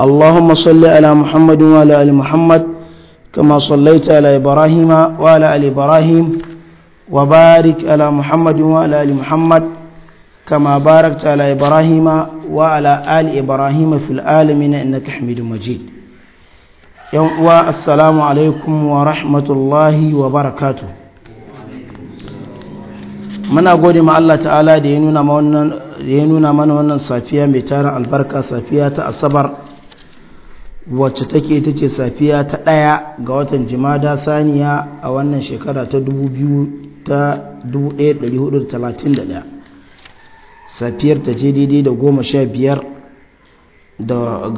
اللهم صل على محمد وعلى آل محمد كما صليت على إبراهيم وعلى آل إبراهيم وبارك على محمد وعلى آل محمد كما باركت على إبراهيم وعلى آل إبراهيم في العالمين إنك حميد مجيد يوم السلام عليكم ورحمة الله وبركاته muna gode ma Allah ta'ala da ya nuna mana wannan safiya mai tarin albarka safiya ta asabar wacce take ita ce safiya ta ɗaya ga watan jimada saniya a wannan shekara ta 2,431 safiyar ta je daidai da goma sha biyar ga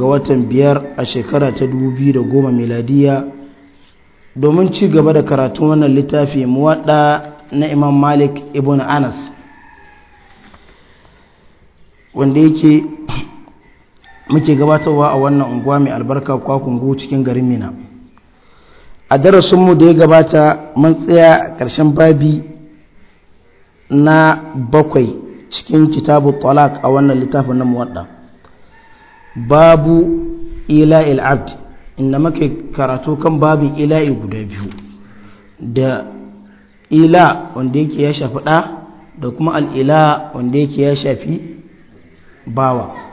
watan biyar a shekara ta 2010 miladiya domin ci gaba da karatun wannan littafi muwaɗa na imam malik ibn anas wanda yake muke gabatarwa a wannan unguwa mai albarka kwakungu cikin garin mina a darasinmu da ya gabata mun tsaya ƙarshen babi na bakwai cikin kitabu talak a wannan littafin na muwadda babu ila'il abd inda muke karatu kan babin ila'i guda biyu da ila wanda yake ya shafi ɗa da kuma al'ila wanda yake ya shafi bawa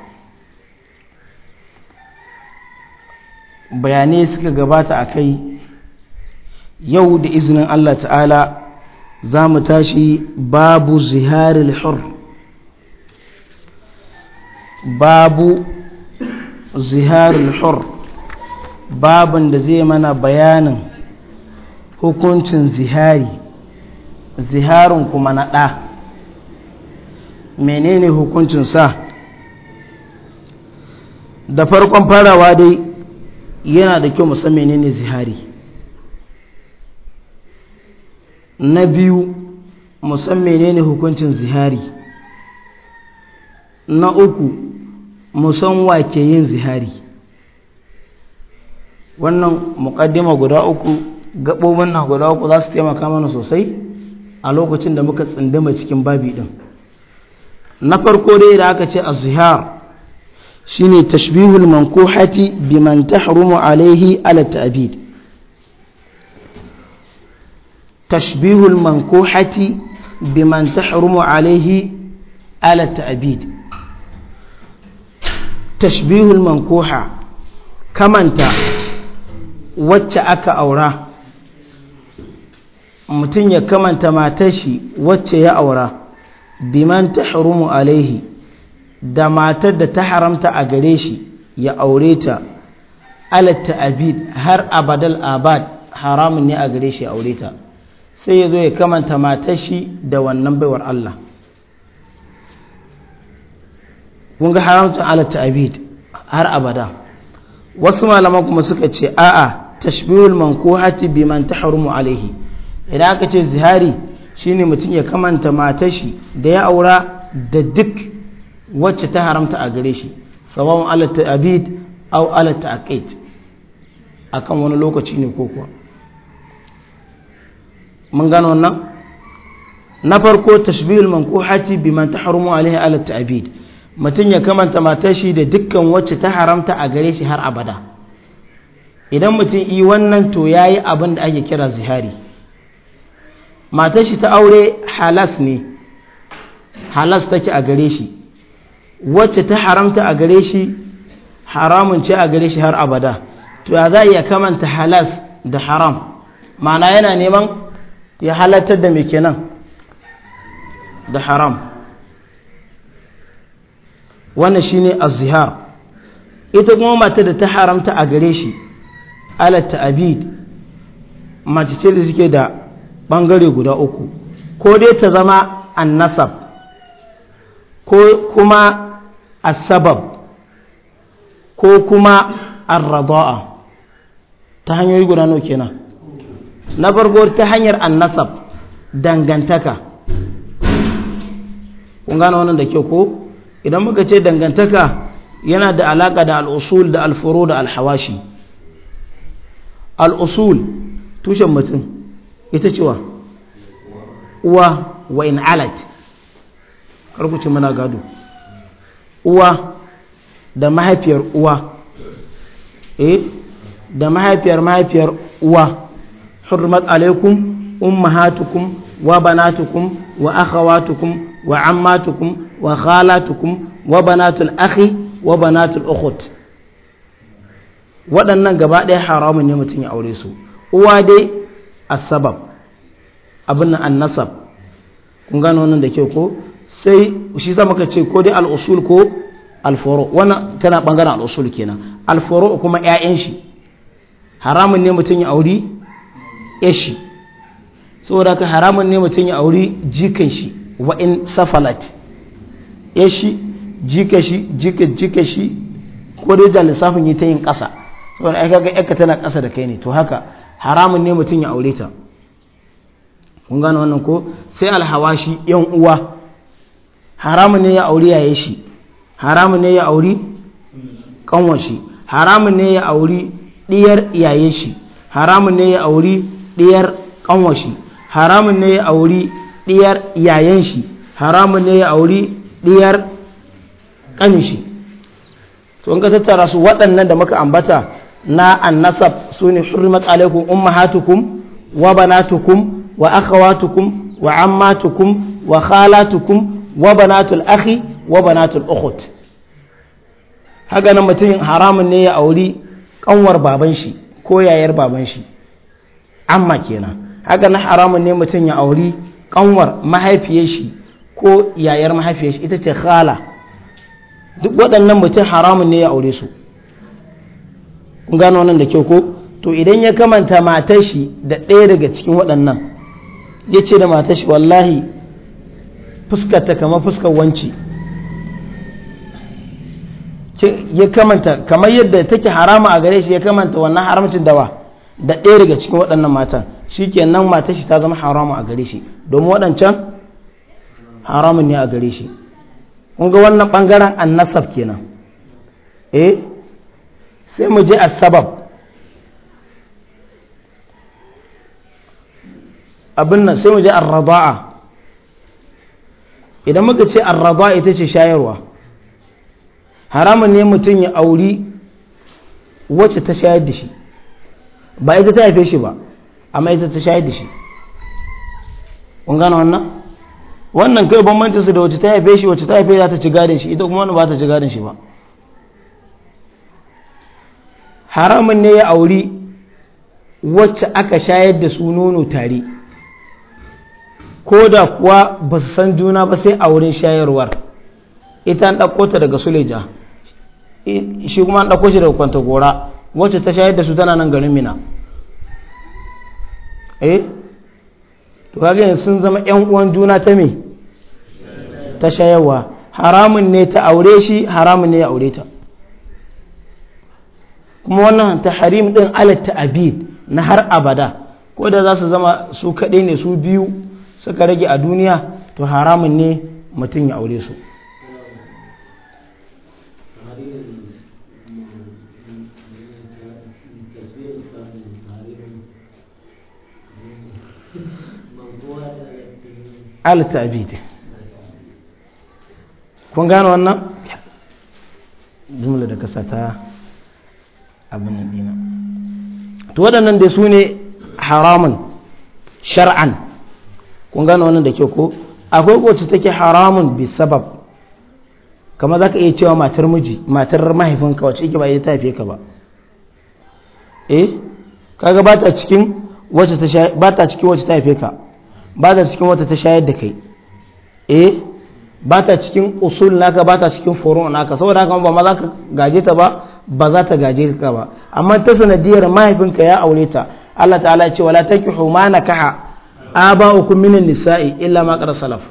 bayanai suka gabata a kai yau da izinin Allah ta'ala za mu tashi babu ziharil hur babu ziharil hur babin da zai mana bayanin hukuncin zihari ziharin kuma na ɗa menene hukuncin sa da farkon farawa dai yana da kyau musamman ne zihari na biyu musamman ne hukuncin zihari na uku musan wake yin zihari wannan mukaddima guda uku gaɓoɓin na guda uku za su taimaka mana sosai a lokacin da muka tsindama cikin babi ɗin na farko dai da aka ce a zihar شيني تشبيه المنكوحة بمن تحرم عليه على التأبيد تشبيه المنكوحة بمن تحرم عليه على التأبيد تشبيه المنكوحة كما انت وتأك أورا متن يكما انت ما تشي يا أورا بمن تحرم عليه da matar da ta haramta a gare shi ya aure ta alatta abid har abadal abad haramun ne a gare shi ya aure ta sai ya zo ya kamanta matar shi da wannan baiwar Allah kun ga haramta alatta abid har abada wasu malaman kuma suka ce a'a tashbihul mankuhati man tahrumu alaihi idan aka ce zihari shine mutum ya kamanta matar shi da ya aura da duk wacce ta haramta a gare shi sawawun alatta abid au alatta aqid akan wani lokaci ne ko kuwa mun gano wannan na farko tashbihul mankuhati biman tahrumu alaihi alatta abid mutum ya kamanta matar shi da dukkan wacce ta haramta a gare shi har abada idan mutum yi wannan to yayi abin da ake kira zihari matar shi ta aure halas ne halas take a gare shi wacce ta haramta a gare shi haramun ce a gare shi har abada to ya za iya kamanta halas da haram ma'ana yana neman ya halartar da mai kenan da haram wannan shine az ita kuma mata da ta haramta a gare shi ala ta'abid mace ce da suke da bangare guda uku ko dai ta zama annasab ko kuma asabab ko kuma arraza'a ta hanyoyi guda nawa kenan na farko ta hanyar annasab dangantaka kun gane wannan da kyau ko idan muka ce dangantaka yana da alaka da al'usul da alfuro da alhawashi usul tushen mutum ita cewa uwa wa in alat karkuci muna gado uwa da mahaifiyar uwa eh da mahaifiyar mahaifiyar uwa hurmat alaikum ummahatukum wa banatukum wa akhawatukum wa ammatukum wa khalatukum wa banatul akhi wa banatul ukhut waɗannan gaba ɗaya haramun ne mutum ya aure su uwa dai asabab abin nan annasab kun gano nan da kyau ko sai shi za mu ce ko dai al'usul ko alforo wannan tana bangaren al'usul kenan alforo kuma ƴaƴan shi haramun ne mutum ya auri yashi saboda ka haramun ne mutum ya auri jikan shi wa in safalat yashi jika shi jika jika shi ko dai da lissafin yi ta yin ƙasa saboda ai kaga ƴaƙa tana ƙasa da kai ne to haka haramun ne mutum ya aure ta kun gane wannan ko sai alhawashi yan uwa haramun ne ya auri yaye shi haramun ne ya auri kanwa shi haramun ne ya auri diyar yaye shi haramun ne ya auri diyar kanwa shi haramun ne ya auri diyar yayen shi haramun ne ya auri diyar kanin shi to in ka tattara su waɗannan da muka ambata na annasab su ne hurmat alaikum ummahatukum wa banatukum wa akhawatukum wa ammatukum wa khalatukum wa banatul akhi wa banatul ukhut haka nan mutum haramun ne ya auri kanwar baban shi ko yayar baban shi amma kenan haka nan haramun ne mutum ya auri kanwar mahaifiyar shi ko yayar mahaifiyar shi ita ce khala duk waɗannan mutum haramun ne ya aure su kun gano nan da kyau ko to idan ya kamanta matar shi da ɗaya daga cikin waɗannan ya ce da matar shi wallahi fuskar ta kamar fuskar wanci ya kamanta kamar yadda take harama a gare shi ya kamanta wannan haramcin dawa da ɗaya daga cikin waɗannan matan nan matar shi ta zama haramu a gare shi domin waɗancan haramun ne a gare shi kun ga wannan ɓangaren annasab kenan eh sai mu je sabab abin nan sai mu je a raba'a. idan muka ce arraba ita ce shayarwa haramun ne mutum ya auri wacce ta shayar da shi ba ita ta haife shi ba amma ita ta shayar da shi kun gane wannan wannan kai bambancin da wacce ta haife shi wacce ta haife za ta ci gadin shi ita kuma wani ba ta ci gadin shi ba haramun ne ya auri wacce aka shayar da su nono tare ko da kuwa ba su san juna ba sai a wurin shayarwar ita an ɗauko ta daga suleja shi kuma an ɗauko shi daga gora wacce ta shayar da su tana nan garin mina eh to kaga sun zama ƴan uwan juna ta me ta shayarwa haramun ne ta aure shi haramun ne ya aure ta kuma wannan ta harim din alat ta'abid na har abada ko da za su zama su kaɗai ne su biyu suka rage a duniya to haramun ne mutum ya aure su al-ta'bid kun gano wannan jumla da kasata abin nan dina to waɗannan dai su ne haramun shar'an kun gane wannan da ke ko akwai wacce take haramun bi sabab kamar za ka iya cewa matar miji matar mahaifinka wacce yake ba ya ta haife ka ba eh kaga ba ta cikin wacce ta ba ta cikin wacce ta haife ka ba ta cikin wacce ta shayar da kai eh ba ta cikin usul naka ba ta cikin furu naka saboda haka ba ma za ka gaje ta ba ba za ta gaje ka ba amma ta sanadiyar mahaifinka ya aure ta Allah ta'ala ya ce wala takihu ma nakaha aba'ukum minan nisa'i illa ma qara salaf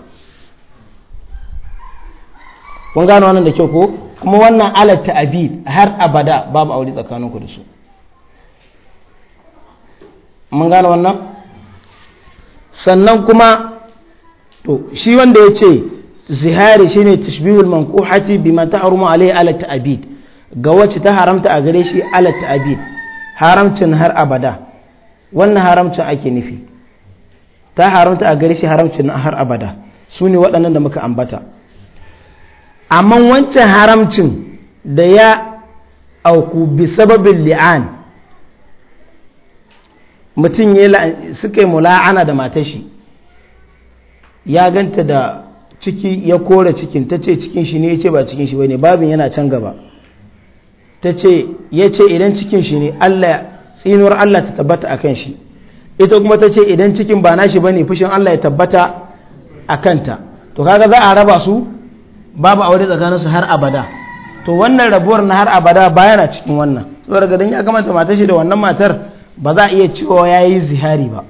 kun gano wannan da kyau ko kuma wannan ala ta'bid har abada babu aure tsakaninku da su mun gano wannan sannan kuma to shi wanda ya ce zihari shine tashbihul manquhati bima ta'rumu Alayhi ala ta'bid ga wacce ta haramta a gare shi ala ta'bid haramcin har abada wannan haramcin ake nufi ta haramta a gare shi haramcin na har abada su ne waɗannan da muka ambata amma wancan haramcin da ya auku bi sababin li'an mutum suka yi mula'ana da shi ya ganta da ciki ya kore cikin ta ce cikin shi ne ya ce ba cikin shi wani babin yana can gaba ta ce ya ce idan cikin shi ne tsinuwar allah ta tabbata a kan shi ita kuma ta ce idan cikin ba nashi ne fushin Allah ya tabbata a kanta to kaga za a raba su babu aure tsakaninsu har abada to wannan rabuwar na har abada bayana cikin wannan saboda gadon ya kamata matar shi da wannan matar ba za a iya cewa yayi zihari ba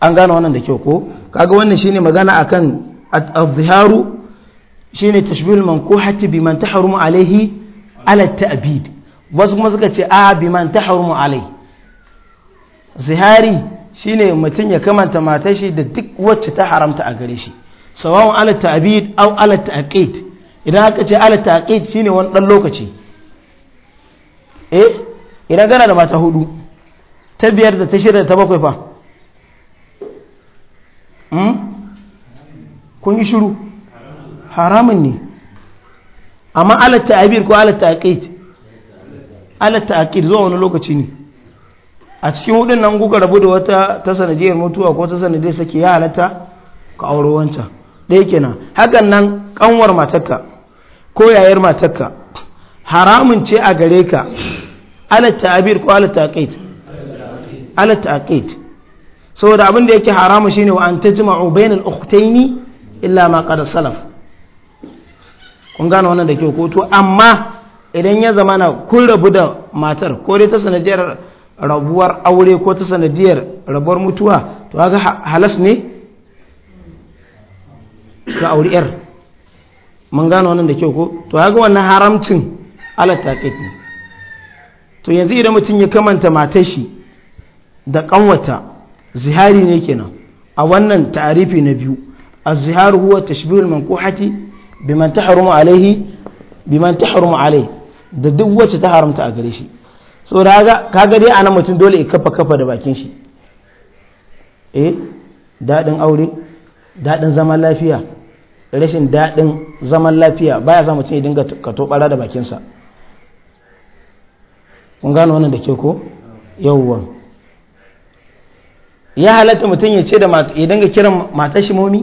an gane wannan da kyau ko kaga wannan shine magana akan az-ziharu shine tashbihul mankuhati biman tahrumu alaihi ala ta'bid wasu kuma suka ce a biman tahrumu alaihi zihari shi ne mutum ya kamanta mata shi da duk wacce ta haramta a gare shi sawawan ala au aw ala ta'qid idan aka ce ala shi ne wani ɗan lokaci eh idan gana da mata hudu ta biyar da ta shirya da ta bakwai fa hmm? kun yi shiru haramun ne amma ala ta'bid ko ala ta'qid ala ta'qid zuwa wani lokaci ne a cikin hudun nan kuka rabu da wata ta sanadiyar mutuwa ko ta sanadiyar sake ya halatta ka auri wancan ɗaya kenan hakan nan kanwar matarka ko yayar matarka haramun ce a gare ka alatta abir ko alatta aqid alatta aqid saboda abin da yake haramu shine wa an jama'u bainal ukhtaini illa ma qad salaf kun gane wannan da ke ko to amma idan ya zamana kun rabu da matar ko dai ta sanadiyar rabuwar aure ko ta sanadiyar rabuwar mutuwa to ga halas ne ga auri mun gano wannan da kyau ko to ga wannan haramcin alata to yanzu idan mutum ya kamanta matar shi da kanwata zihari ne kenan a wannan ta'arifi na biyu الزهار هو تشبيه المنكوحة بمن تحرم عليه بمن تحرم عليه da duk wacce ta haramta a gare shi so da kaga dai nan mutum dole kafa kafa da bakin shi eh daɗin aure daɗin zaman lafiya rashin daɗin zaman lafiya baya sa mutum ya dinga kato bara da bakinsa kun gano wannan da ke ko yawon. ya halatta mutum ya ce da ya dinga kiran matar shi momi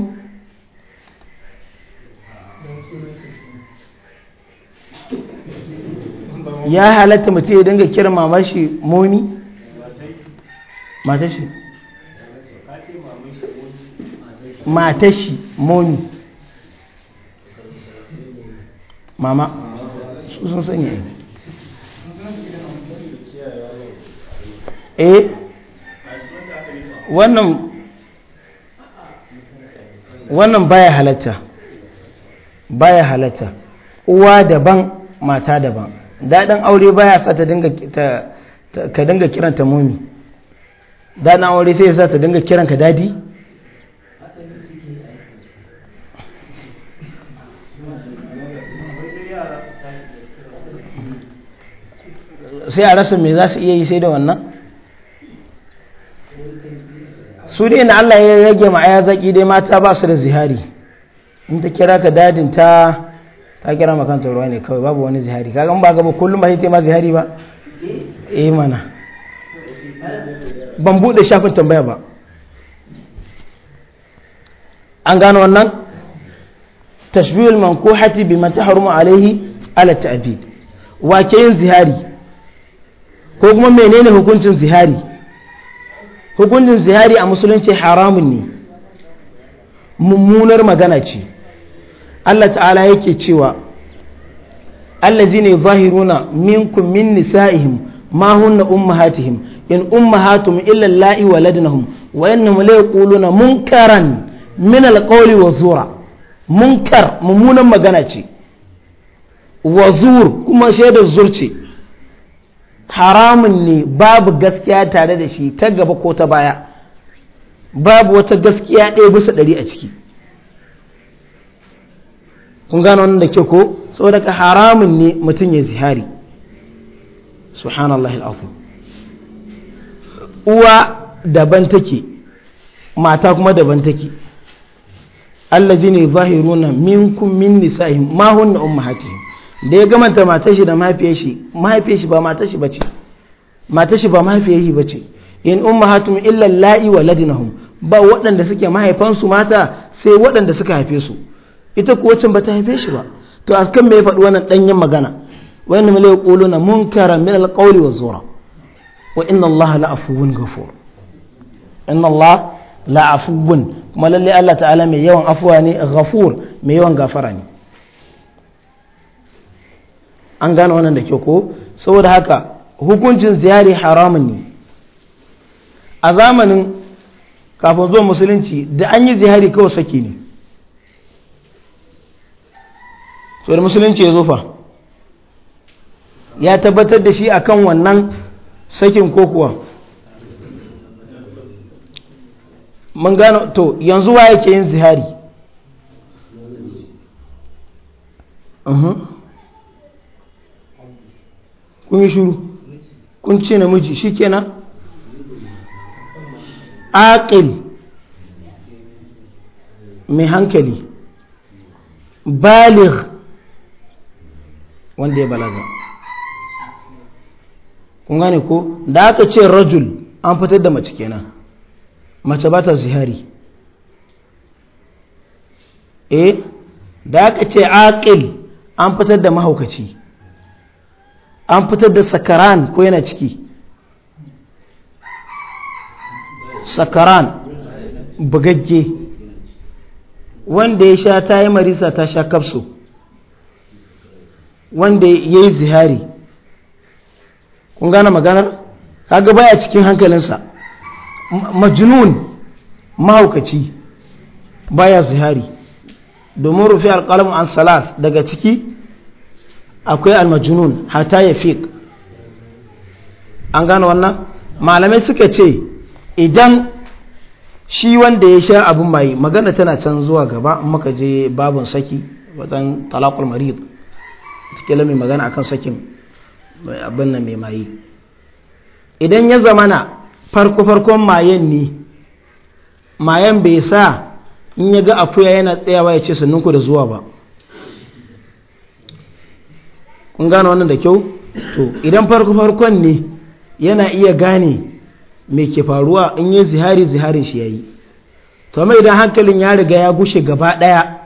ya halatta mutum ya dinga kira mama shi momi matashi matashi momi mama su sun sanya eh wannan wannan baya halatta baya halatta uwa daban mata daban daɗin aure baya sa ta dinga ka dinga kiranta mumi daɗin aure sai ya sa ta dinga kiran ka dadi sai a rasa me za su iya yi sai da wannan su dai na Allah ya rage ma'aya zaki dai mata ba su da zihari in ta kira ka dadin ta ta kira ma kanta ruwa ne kawai babu wani zihari kagan ba gaba kullum ba ma zihari ba eh mana ban bude shafin tambaya ba an gano wannan tashbihul mankuhati man tahrumu alaihi ala ta'bid wa ke yin zihari ko kuma menene hukuncin zihari hukuncin zihari a musulunci haramun ne mummunar magana ce Allah ta'ala yake cewa allazina zahiruna minkum min nisa'ihim ma hunna ummahatihim in ummahatum illa la'i waladnahum wa innahum la yaquluna munkaran min alqawli wa zura munkar mummunan magana ce wa zur kuma shaidar zurce haramun ne babu gaskiya tare da shi ta gaba ko ta baya babu wata gaskiya ɗaya bisa ɗari a ciki kun gano wannan da ke ko saboda ka haramun ne mutum ya zihari subhanallahi al'afu uwa daban take mata kuma daban take allazina zahiruna minkum min nisa'ihim ma hunna hati. da ya gamanta mata shi da mahaifiyar shi mahaifiyar shi ba mata shi bace mata shi ba mahaifiyar shi bace in ummahatum illa la'i waladnahum ba waɗanda suke mahaifansu mata sai waɗanda suka haife su ita kuwa can ba ta haife shi ba to a kan me ya faɗi wannan ɗanyen magana wani mala ya ƙolo na munkara min alƙawli wa zura wa inna Allah la afuwun ghafur inna Allah la afuwun kuma lalle Allah ta'ala mai yawan afuwa ne ghafur mai yawan gafara ne an gane wannan da ke ko saboda haka hukuncin ziyari haramun ne a zamanin kafin zuwa musulunci da an yi ziyari kawai saki ne so musulunci ya fa ya tabbatar da shi akan wannan sakin ko mun gano to yanzu wa yake yin zihari kun yi shuru kun ce namiji shi kenan aqil mai hankali baligh wanda ya balaga kun gane ko da aka ce rajul an fitar da mace kenan mace ba ta zihari eh da aka ce aqil an fitar da mahaukaci an fitar da sakaran ko yana ciki sakaran bugagge wanda ya sha ta yi marisa ta sha kafsu wanda ya yi zihari kun gane maganar kaga baya cikin hankalinsa majnun mahaukaci baya zihari domin rufe alƙalam an salas daga ciki akwai almajnun hata ya fi. an gane wannan malamai suka ce idan shi wanda ya sha abin mai magana tana can zuwa gaba muka je babin saki wajen talakul marid kila mai magana akan sakin abin nan mai maye idan ya zamana farko-farkon mayen ne mayen bai sa in ya ga akuya yana tsayawa ya ce ku da zuwa ba kun gane wannan da kyau to idan farko-farkon ne yana iya gane mai ke faruwa in yi zihari ziharin shi ya yi to idan hankalin ya riga ya gushe gaba ɗaya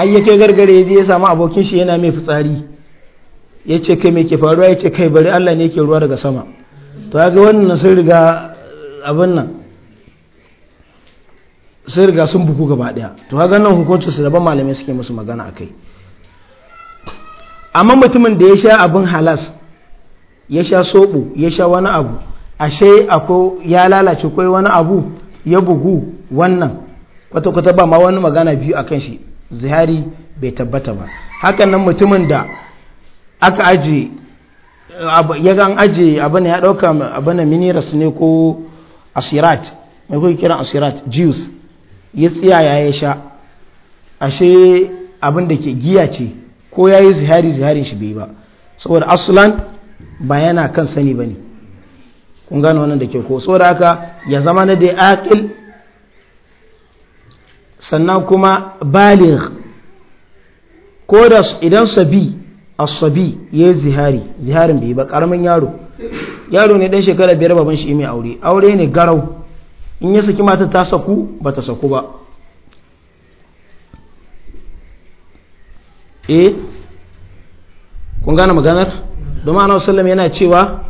har ya kai gargare ya je ya samu abokin shi yana mai fitsari ya ce kai mai ke faruwa ya ce kai bari Allah ne ke ruwa daga sama to ga wannan sun riga abin nan sun riga sun buku gaba daya to ga nan hukuncin su daban malamai suke musu magana a kai. amma mutumin da ya sha abin halas ya sha soɓo ya sha wani abu ashe ako ya lalace kai wani abu ya bugu wannan kwata-kwata ba ma wani magana biyu a kan shi zihari bai tabbata ba hakan nan mutumin da aka aji ya gan aji abin ya dauka abin miniras ne ko asirat mai kuka kiran asirat juice ya tsiya ya sha ashe abin da ke giya ce ko ya yi zihari ziharin shi bai ba saboda asulan ba yana kan sani ba ne kun gane wannan da ke ko saboda haka ya zama na dai akil sannan kuma baligh ko da idan sabi asabi ya yi zihari ziharin bai ba karamin yaro yaro ne dan shekara biyar baban shi mai aure aure ne garau in ya saki mata ta saku ba ta saku ba E kun gane maganar domin ana wasallam yana cewa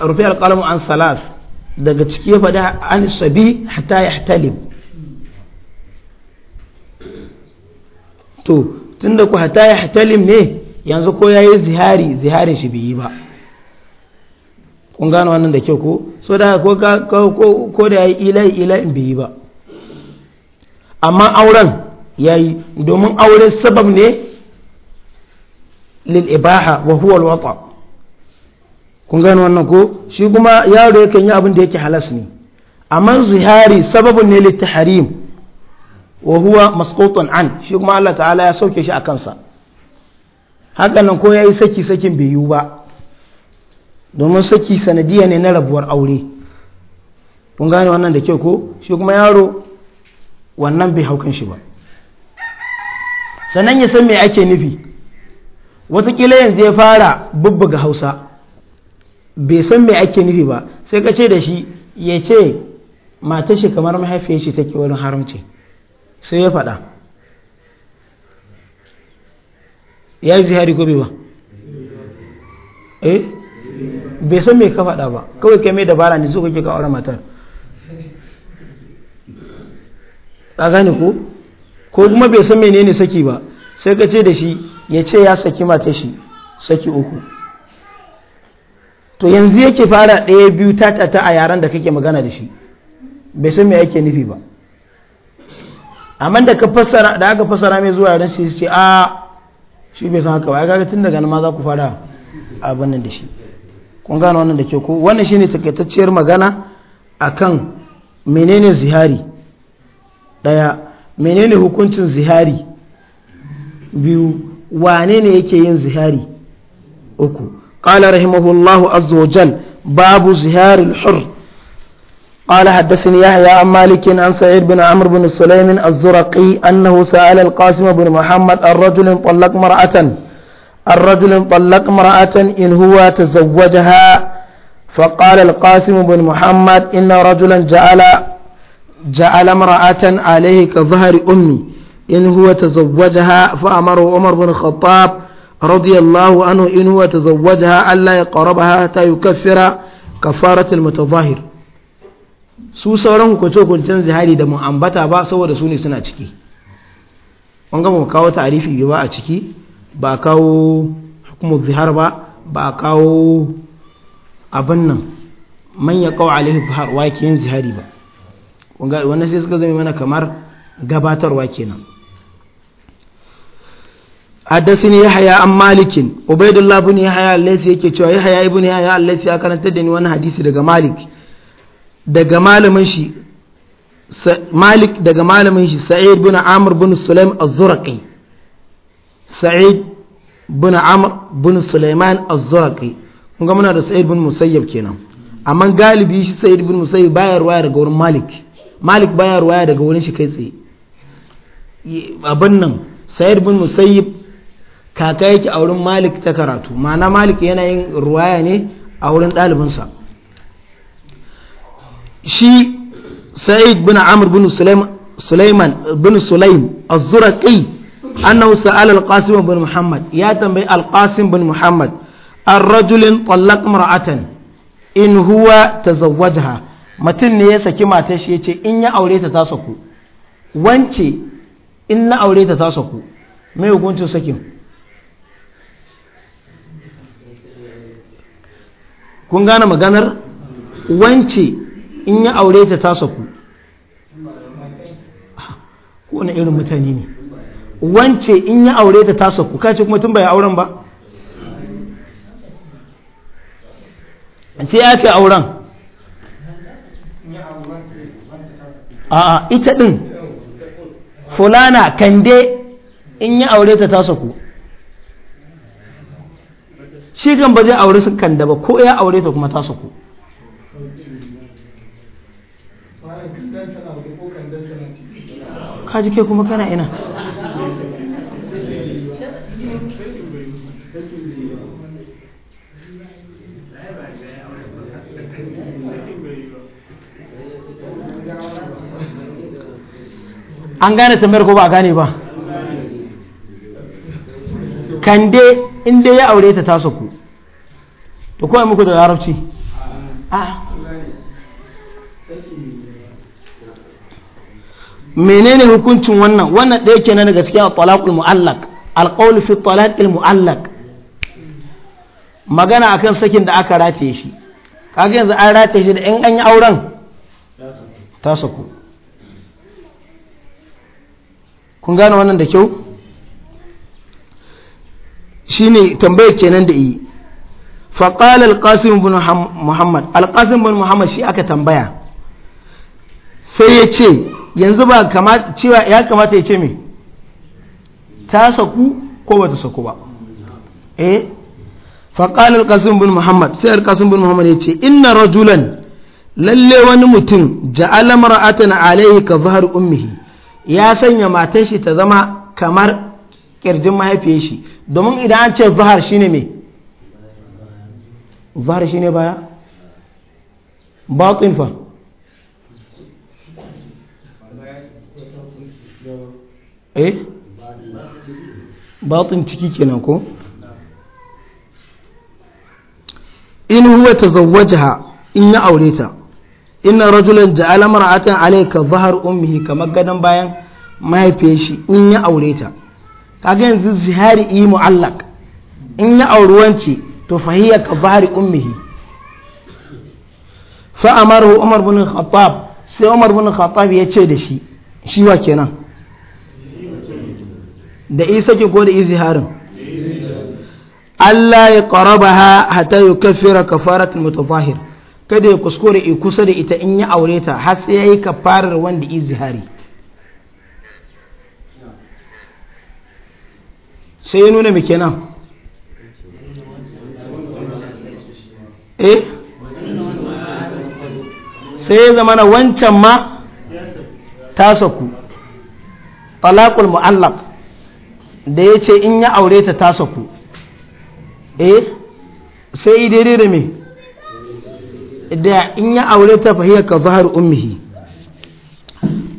rufe alƙalamu an salas daga ciki ya faɗi an sabi hatta ya talib to tunda ku hata ya hatalim ne yanzu ko ya yi zihari ziharin shi biyi yi ba kun gano wannan da kyau ko so da ko ko da yayi ilai ilai biyi yi ba amma auren yayi domin aure sabab ne lil ibaha wa huwa al wata kun gano wannan ko shi kuma yaro yake yin abin da yake halas ne amma zihari sababun ne lit tahrim wa huwa masqutun an shi kuma Allah ta'ala ya sauke shi a kansa haka nan ko yi saki sakin bai yiwu ba domin saki sanadiya ne na rabuwar aure kun gane wannan da kyau ko shi kuma yaro wannan bai haukan shi ba sannan ya san me ake nufi watakila yanzu ya fara bubbuga hausa bai san me ake nufi ba sai ka ce da shi ya ce matar shi kamar mahaifiyar shi take wurin haramci sai ya faɗa ya yi zihari ko ba eh bai san mai ka faɗa ba kawai kai mai dabara ne zuwa kake aure matar a gane ko ko kuma bai san ne saki ba sai ka ce da shi ya ce ya saki mata shi saki uku to yanzu yake fara ɗaya biyu ta ta a yaren da kake magana da shi bai san me ake nufi ba amma da ka fassara da aka fassara mai zuwa ran shi ce a ah, shi bai san haka ba kaga tun daga nan ma za ku fara abin nan da shi kun gano wannan da ke ko wannan shine takaitacciyar magana akan menene zihari daya menene hukuncin zihari biyu wane ne yake yin zihari uku qala rahimahullahu azza wajal babu zihari al-hurr قال حدثني يحيى عن مالك عن سعيد بن عمرو بن سليم الزرقي أنه سأل القاسم بن محمد الرجل طلق مرأة الرجل طلق امرأة إن هو تزوجها فقال القاسم بن محمد إن رجلا جعل جعل امرأة عليه كظهر أمي إن هو تزوجها فأمره عمر بن الخطاب رضي الله عنه إن هو تزوجها ألا يقربها حتى يكفر كفارة المتظاهر su sauran hukunce-hukuncen zihari da mu'ambata ba saboda su ne suna ciki an gama kawo ta'arifi ba a ciki ba kawo hukumar zihar ba ba kawo abin nan manya kawo alaihi fahar wakiyin zihari ba wannan sai suka zama mana kamar gabatarwa kenan حدثني يحيى عن مالك عبيد الله بن يحيى الليثي yake cewa yahya ibn Ya al-laythi ya karanta da ni wani hadisi daga malik daga malamin shi malik daga malamin shi sa'id bin amr bin sulaim az-zurqi sa'id bin amr bin sulaiman az-zurqi kun ga muna da sa'id bin musayyab kenan amma galibi shi sa'id bin musayyab baya ruwaya daga wurin malik malik baya ruwaya daga wurin shi kai tsaye abin nan sa'id bin musayyab kaka yake a wurin malik ta karatu ma'ana malik yana yin ruwaya ne a wurin ɗalibinsa shi sa'id bin amr bin sulaiman bin sulaim az-zuraqi annahu sa'ala al-qasim bin muhammad ya tambayi al-qasim bin muhammad an rajul tallaq mar'atan in huwa tazawwajaha mutum ne ya saki matar shi yace in ya aure ta saku wance in na aure ta ta saku mai hukuncin sakin kun gane maganar wance in ya aure ta ta saku kowane irin mutane ne wance in ya aure ta ta saku kace kuma tun bai auren ba sai ya ake auren a'a ita din fulana kande in ya aure ta ta saku shi kan ba zai aure su kanda ba ko ya aure ta kuma ta saku kaji ke kuma kana ina an gane tambayar ko ba a gane ba kande inda ya aure ta taso ku to kawai muku da larabci a ah. menene hukuncin wannan wannan ɗaya kenan da gaskiya talaqul mu'allak alƙawul fi talaqil mu'allak magana akan sakin da aka rataye shi kaga yanzu an rataye shi da in an yi auren ta saku kun gane wannan da kyau shine tambayar kenan da yi faƙal alƙasim bin muhammad alƙasim bin muhammad shi aka tambaya sai ya ce yanzu ba cewa ya kamata ya ce me ta saku ko ba ta saku ba eh faƙal alƙasim bin muhammad sai alƙasim bin muhammad ya ce ina rajulan lalle wani mutum ja'ala na alaihi ka zahar ummihi ya sanya matan shi ta zama kamar ƙirjin mahaifiyar shi domin idan an ce zahar shine mai zahar ne baya batin fa eh batin ciki kenan ko in huwa tazawwajaha in ya aure ta inna rajulan ja'ala mar'atan alayka dhahar ummihi kamar gadan bayan mahaifiyar shi in ya aure kaga yanzu zihari yi mu'allaq in ya aure wance to fahiya ka zahari ummihi fa amaru umar bin khattab sai umar bin khattab ya ce da shi shi wa kenan da isa ke ko da iziharin Allah ya qaraba ha hatta yukaffira kafarat mutafahir kada ya kuskure i kusa da ita in ya aure ta har sai yayi kafarar wanda izihari sai ya nuna me kenan eh sai ya zama na wancan ma ta saku talaqul mu'allaq da ya ce in ya aure ta tasa ku eh sai yi daidai da me da in ya aure ta fahiyar ka zahar ummihi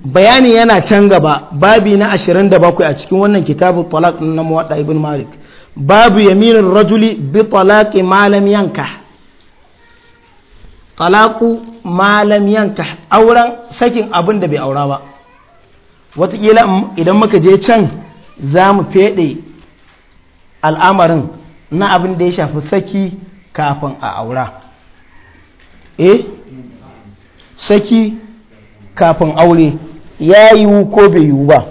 bayani yana can gaba babi na 27 a cikin wannan kitabu talak na muwadda ibn malik babu yaminin rajuli bi talaki malam yanka talaku malam yanka auren sakin abin da bai aura ba watakila idan muka je can za mu feɗe al'amarin na abin da ya shafi saki kafin a aura E! saki kafin aure ya yiwu ko bai yiwu ba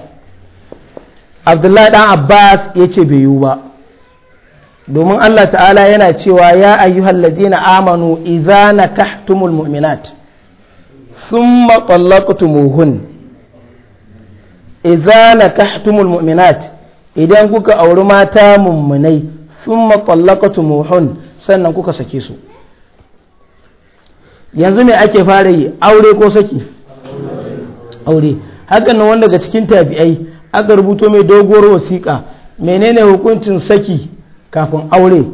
abdullahi dan abbas ya ce bai yiwu ba domin allah ta'ala yana cewa ya ayyuhalladina amanu idza nakahtumul mu'minat thumma muhun. idza kahtumul mu'minat idan kuka auri mata mummunai thumma muhun sannan kuka sake su yanzu me ake fara yi aure ko saki aure hakan nan wanda daga cikin tabi'ai aka rubuto mai doguwar wasiƙa menene hukuncin saki kafin aure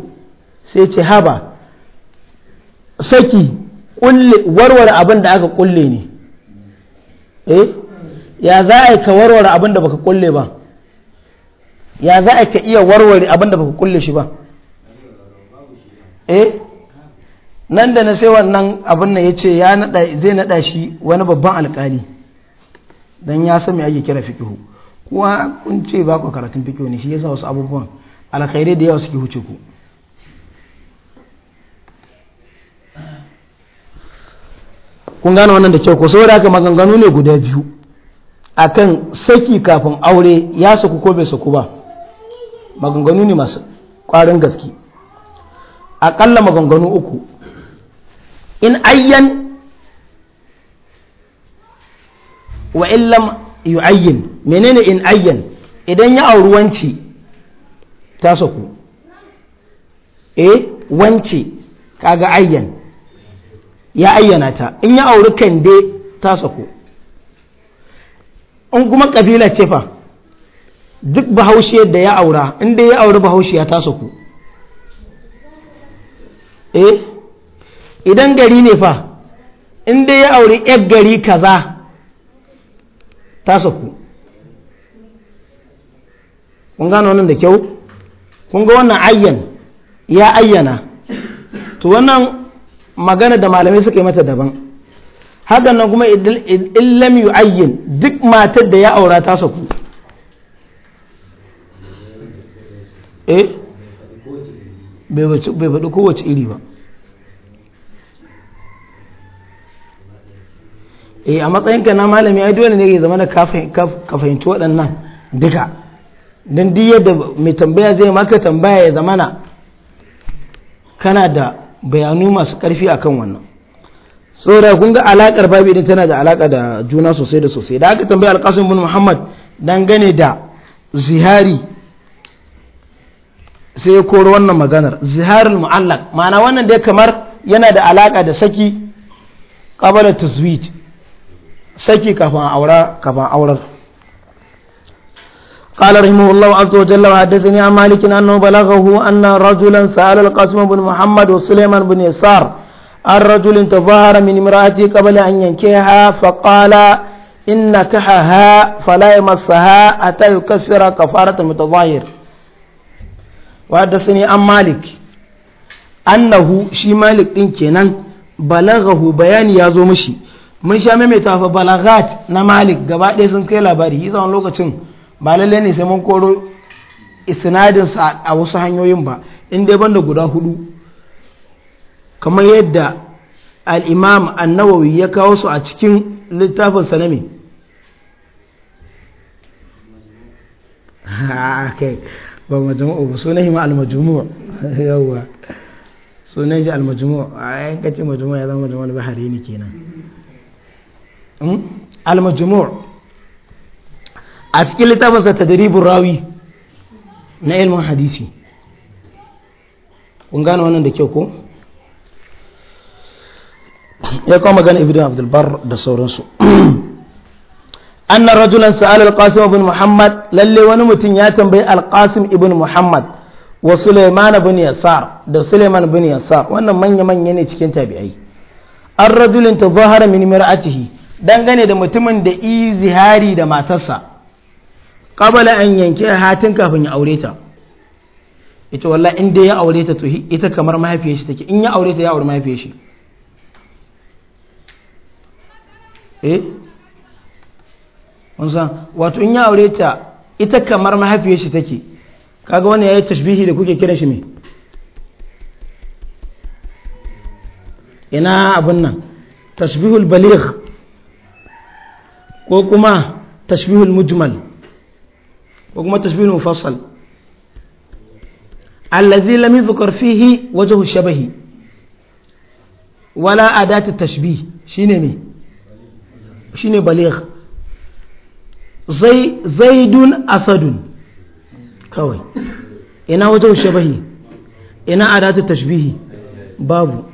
sai ce haba saki warware abin da aka kulle ne eh ya za a yi ka warware abin da baka kulle ba ya za a yi ka iya warware abin da baka kulle shi ba eh nan da na sai wannan abin na ya ce zai naɗa shi wani babban alkali don ya sami ake kira fikihu kuwa kun ce ba ku karatun fikihu ne shi ya sa wasu abubuwan alkhairai da yawa suke huce ku kun gane wannan da kyau ko saboda haka maganganu ne guda biyu akan saki kafin aure ya saku ko bai saku ba maganganu ne masu ƙwarin gaske akalla maganganu uku in ayyan wa illam yu'ayyin menene in ayyan idan ya auri wanci ta saku eh wance kaga ayyan ya ayyana ta in ya auri kande ta saku in kuma kabila ce fa duk bahaushe da ya aura inda ya auri bahaushe ya taso ku eh idan gari ne fa inda ya auri yar gari kaza taso ku kun gano wannan da kyau kun ga wannan ayyan ya ayyana to wannan magana da malamai suka yi mata daban haka nan kuma illam yu'ayyin duk matar da ya aura ta saku eh bai faɗi kowace iri ba eh a matsayinka na malami ai dole ne ya zama da ka fahimci waɗannan duka don duk yadda mai tambaya zai maka tambaya ya zamana kana da bayanu masu ƙarfi akan wannan saboda kun ga alakar babi din tana da alaka da juna sosai da sosai da aka tambayi alkasim bin muhammad dangane da zihari sai ya koro wannan maganar ziharin muallak ma'ana wannan dai kamar yana da alaka da saki qabala tazwij saki kafin aura kafin aurar قال رحمه الله عز وجل وحدثني عن مالك انه بلغه ان رجلا سال القاسم بن محمد وسليمان بن يسار an rajulin ta fara min imrati an yanke ha faƙala inna ka ha ha falai masa ha a ta yi kafira ka fara ta mutu zahir wa da an malik shi malik din kenan balagahu bayani ya zo mashi. mun sha mai tafa balagat na malik gaba ɗaya sun kai labari yi zaun lokacin ba lallai ne sai mun koro isinadinsa a wasu hanyoyin ba in dai banda guda huɗu. kamar yadda al'imam annawawi ya kawo su a cikin littafin sanami ah, kai ba majumu'u ba sunan shi ma almajamu'u yawwa sunan shi almajamu'u a ah, yan kacin majumu'u ya zama majamu'u bahari ne kenan hmm? almajamu'u a cikin littafin sa tadribur rawi na ilmin hadisi kun gano wannan da kyau ko ya kawo magana ibn abdulbar da sauransu annan rajulan sa'ala al-qasim ibn muhammad lalle wani mutum ya tambayi al-qasim ibn muhammad wa suleiman ibn yasar da suleiman ibn yasar wannan manya manya ne cikin tabi'ai an rajulin tazahara min mir'atihi dangane da mutumin da izihari da matarsa qabala an yanke hatin kafin ya aure ta ita wallahi in dai ya aure ta to ita kamar mahaifiyar shi take in ya aure ta ya aure mahaifiyar shi eh mun san wato in ya aure ta ita kamar mahaifiyar shi take kaga wannan yayi tashbihi da kuke kiran shi me ina abun nan tashbihul baligh ko kuma tashbihul mujmal ko kuma tashbihul mufassal alladhi lam yuzkar fihi wajhu shabahi wala adatu tashbih shine me shine baligh zai zaidun asadun kawai ina wajen shabahi ina adatu tashbihi babu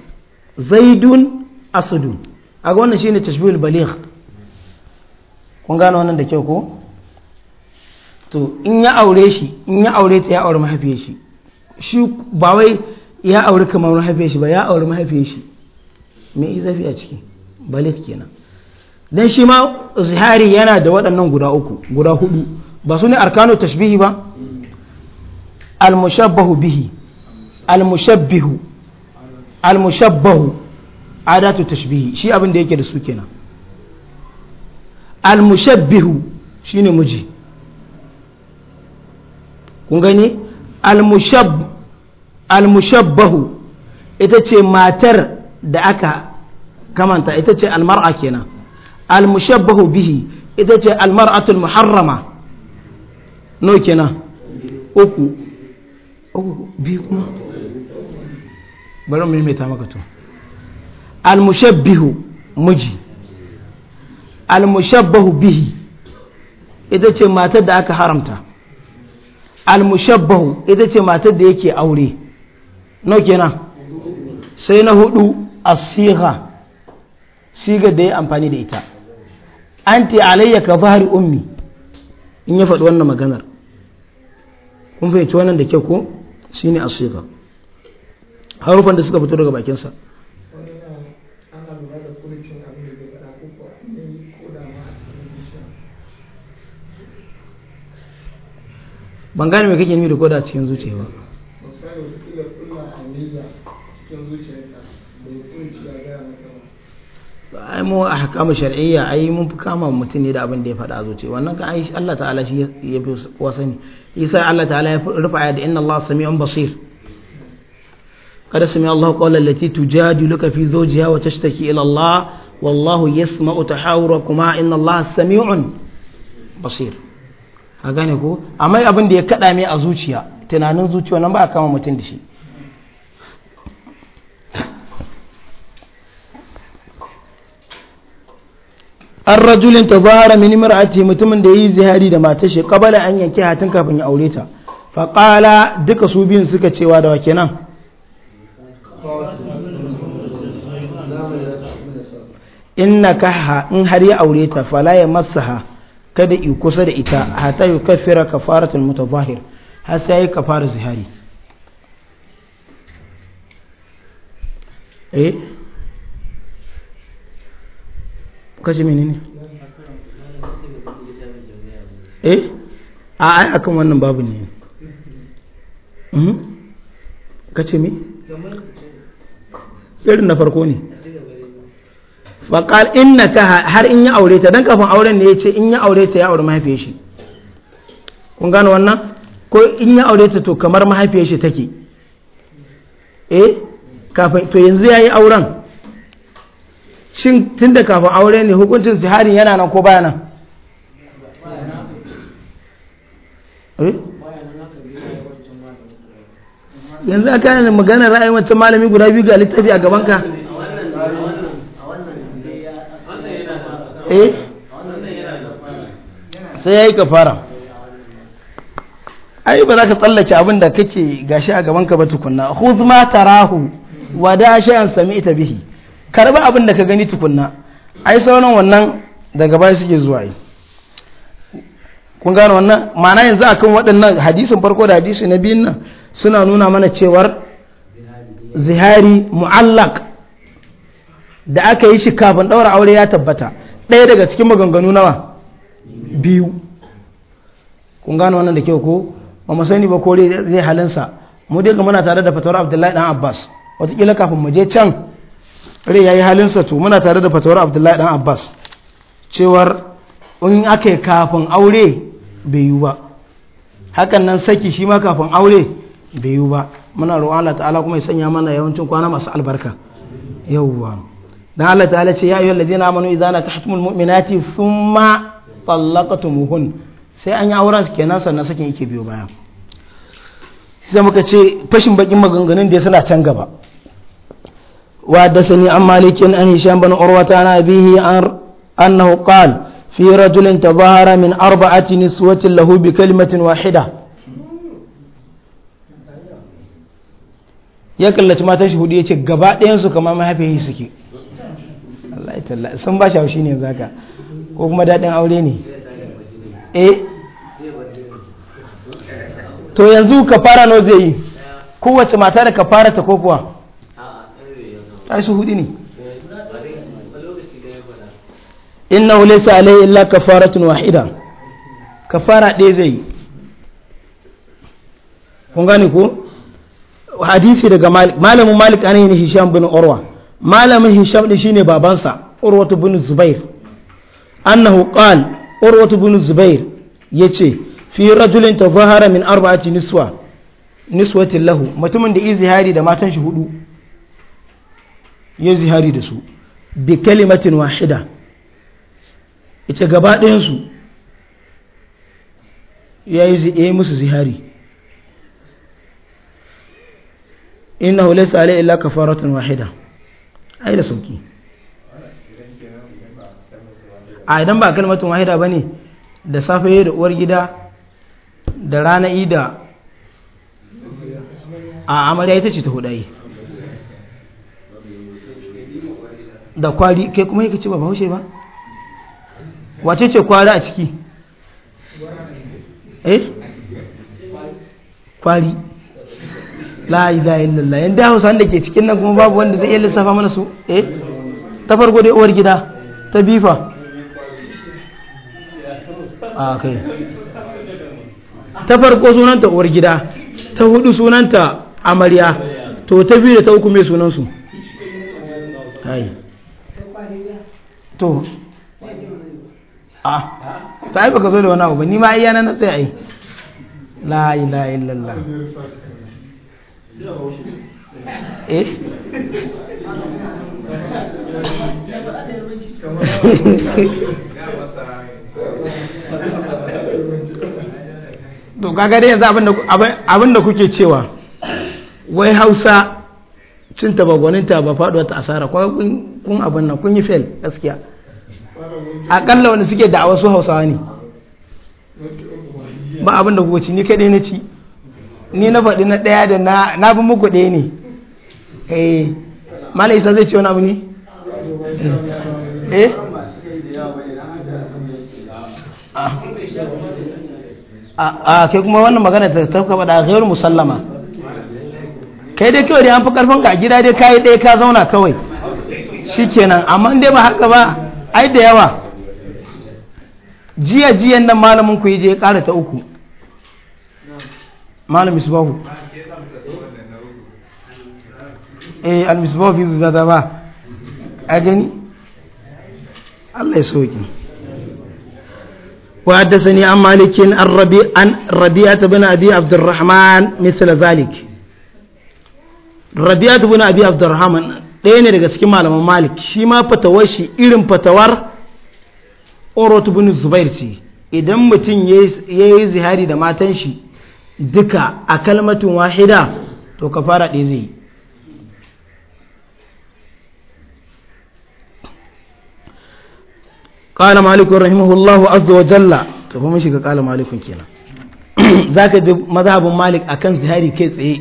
zaidun asadun aga ga wannan shine tashbihul baligh kun gano wannan da kyau ko to in ya aure shi in ya aure ta ya aure mahaifiyar shi shi ba wai ya aure kamar mahaifiyar shi ba ya aure mahaifiyar shi me izafi a ciki balik kenan dan shi ma zihari yana da waɗannan guda uku guda hudu ba su ne arkanu tashbihi ba al-mushabbahu bihi al-mushabbihu al-mushabbahu adatu tashbihi shi abin da yake da su kenan al-mushabbihu shine muji kun gani al-mushabbahu ita ce matar da aka kamanta ita ce almar'a kenan al-mushabbahu bihi ita ce al-mar'atul muharrama no kenan uku uku biyu kuma bari mu maimaita maka to al-mushabbihu miji bihi ita ce matar da aka haramta al-mushabbahu ita ce matar da yake aure no kenan sai na hudu asiga siga da ya amfani da ita anti alayya ka zahari ummi in ya faɗi wannan maganar kun fahimci wannan da kyau ko shine asiga harufan da suka fito daga bakinsa ban gane mai kake nufi da koda cikin zuciya ba misali wata kila kulla a niyya cikin zuciyarsa da ya kunci ya ai mu a hakama shar'iyya ai mun fi kama mutum ne da abin da ya faɗa zuci wannan kan Allah ta'ala shi ya fi kowa sani isa Allah ta'ala ya rufa ya da inna Allah sami'un basir kada sami Allah qawla allati tujadiluka fi zawjiha wa tashtaki ila Allah wallahu yasma'u tahawurakuma inna Allah sami'un basir a gane ko amma abin da ya kada mai a zuciya tunanin zuciya nan ba a kama mutum da shi an rajulin ta zahara min mar'ati mutumin da ya yi zihari da matar shi kabala an yanke hatin kafin ya aure ta fa duka su biyun suka cewa da wake nan in har ya aure ta fala ya masaha kada i kusa da ita hatta yukaffira kafaratul mutazahir har sai ka fara zihari eh? kashe menene eh a ai akan wannan babu ne hmm? kace mi irin na farko ne faƙal inna ka har in yi aure ta don kafin auren ne ya ce in yi aure ta ya aure mahaifiyar shi kun gano wannan ko in yi aure ta to kamar mahaifiyar shi take eh kafin to yanzu ya yi auren shin tun da kafin aure ne hukuncin zihari yana nan ko baya nan eh? yanzu aka yana magana ra'ayin wancan malami guda biyu ga littafi a gaban ka eh? sai ya yi kafara ai ba za ka tsallace abin da kake gashi a gaban ka ba tukunna khudh ma tarahu wa da sami ita bihi karba abin da ka gani tukunna ai sauran wannan daga baya suke zuwa yi kun gano wannan ma'ana yanzu akan waɗannan hadisin farko da hadisi na biyun nan suna nuna mana cewar zihari mu'allak da aka yi shi kafin ɗaura aure ya tabbata ɗaya daga cikin maganganu nawa biyu kun gano wannan da kyau ko ba mu sani ba ko zai halinsa mu dai ga muna tare da fatawar abdullahi dan abbas wataƙila kafin mu je can rai yayi halin sa to muna tare da fatawar Abdullahi dan Abbas cewar in aka kafin aure bai yi ba hakan nan saki shi ma kafin aure bai yi ba muna roƙon Allah ta'ala kuma ya sanya mana yawancin kwana masu albarka yawwa dan Allah ta'ala ce ya ayyuhal ladina amanu idza nakahtumul mu'minati thumma talaqtumuhun sai an yi auren kenan sannan sakin yake biyo baya sai muka ce fashin bakin maganganun da ya sana can gaba وحدثني عن مالك أن هشام بن عروة عن أبيه أنه قال في رجل تظاهر من أربعة نسوة له بكلمة واحدة ya kallaci matan shi hudu ya ce gaba ɗayansu kama mahaifiyi suke Allah ya sun ba shi ne zaka ko kuma daɗin aure to yanzu kafara no zai yi kowace mata da kafara fara ta ko kuwa ai su hudu ne innahu laysa alayhi illa kafaratun wahida kafara ɗaya zai yi kun gane ko hadisi daga malik malamin malik an yi hisham bin urwa malamin hisham din shine babansa urwatu bin zubair annahu qal urwatu bin zubair yace fi rajulin tazahara min arba'ati niswa niswatin lahu mutumin da izihari da matan shi hudu ya zihari da su bi kalimatin wahida ita gaba ɗayansu ya yi musu zihari innahu hulai alayhi illa kafaratun wahida ai da sauki a idan ba kalmatun wahida ba ne da safe da uwar gida da rana ida a amarya ita ce ta hudayi da kwari kai kuma yake ce ba bahaushe ba wace ce kwari a ciki eh kwari la ilaha illallah yan da hausa da ke cikin nan kuma babu wanda zai iya lissafa mana su eh ta farko dai uwar gida ta bifa a kai ta farko sunanta uwar gida ta hudu sunanta amarya to ta biyu da ta hukume sunansu to a ah. ta yi baka zo da wani abu ba ni ma iya nan sai ai la ila illallah eh to kaga dai yanzu abin da kuke cewa wai hausa cin ta ba gwaninta ba faduwa ta asara kun abin nan kun yi fel gaskiya a ƙalla wani suke da wasu hausawa ne ba abin da kuka ci ni kaɗai na ci ni na faɗi na ɗaya da na bi muku ɗaya ne eh mala isa zai ce wani abu ne eh a ah, ah, kai kuma wannan magana ta tafka faɗa gairu musallama kai dai kawai dai an fi karfin ka gida dai kayi ɗaya ka zauna kawai shikenan amma dai ba haka ba ai da yawa jiya jiyan nan malamin ku je ya ƙara ta uku malam isbahu eh al misbahu fi zada ba a gani Allah ya sauki وحدثني عن مالك عن ربيعة بن أبي abi abdurrahman مثل zalik rabi'at ibn abi abdurrahman ɗaya ne daga cikin malaman malik shi ma fatawar shi irin fatawar urwat bin zubair ce idan mutum ya yi zihari da matan shi duka a kalmatin wahida to ka fara ɗaya zai قال مالك رحمه الله عز وجل to kuma shi ka kala malikun kenan ka ji mazhabin malik akan zihari kai tsaye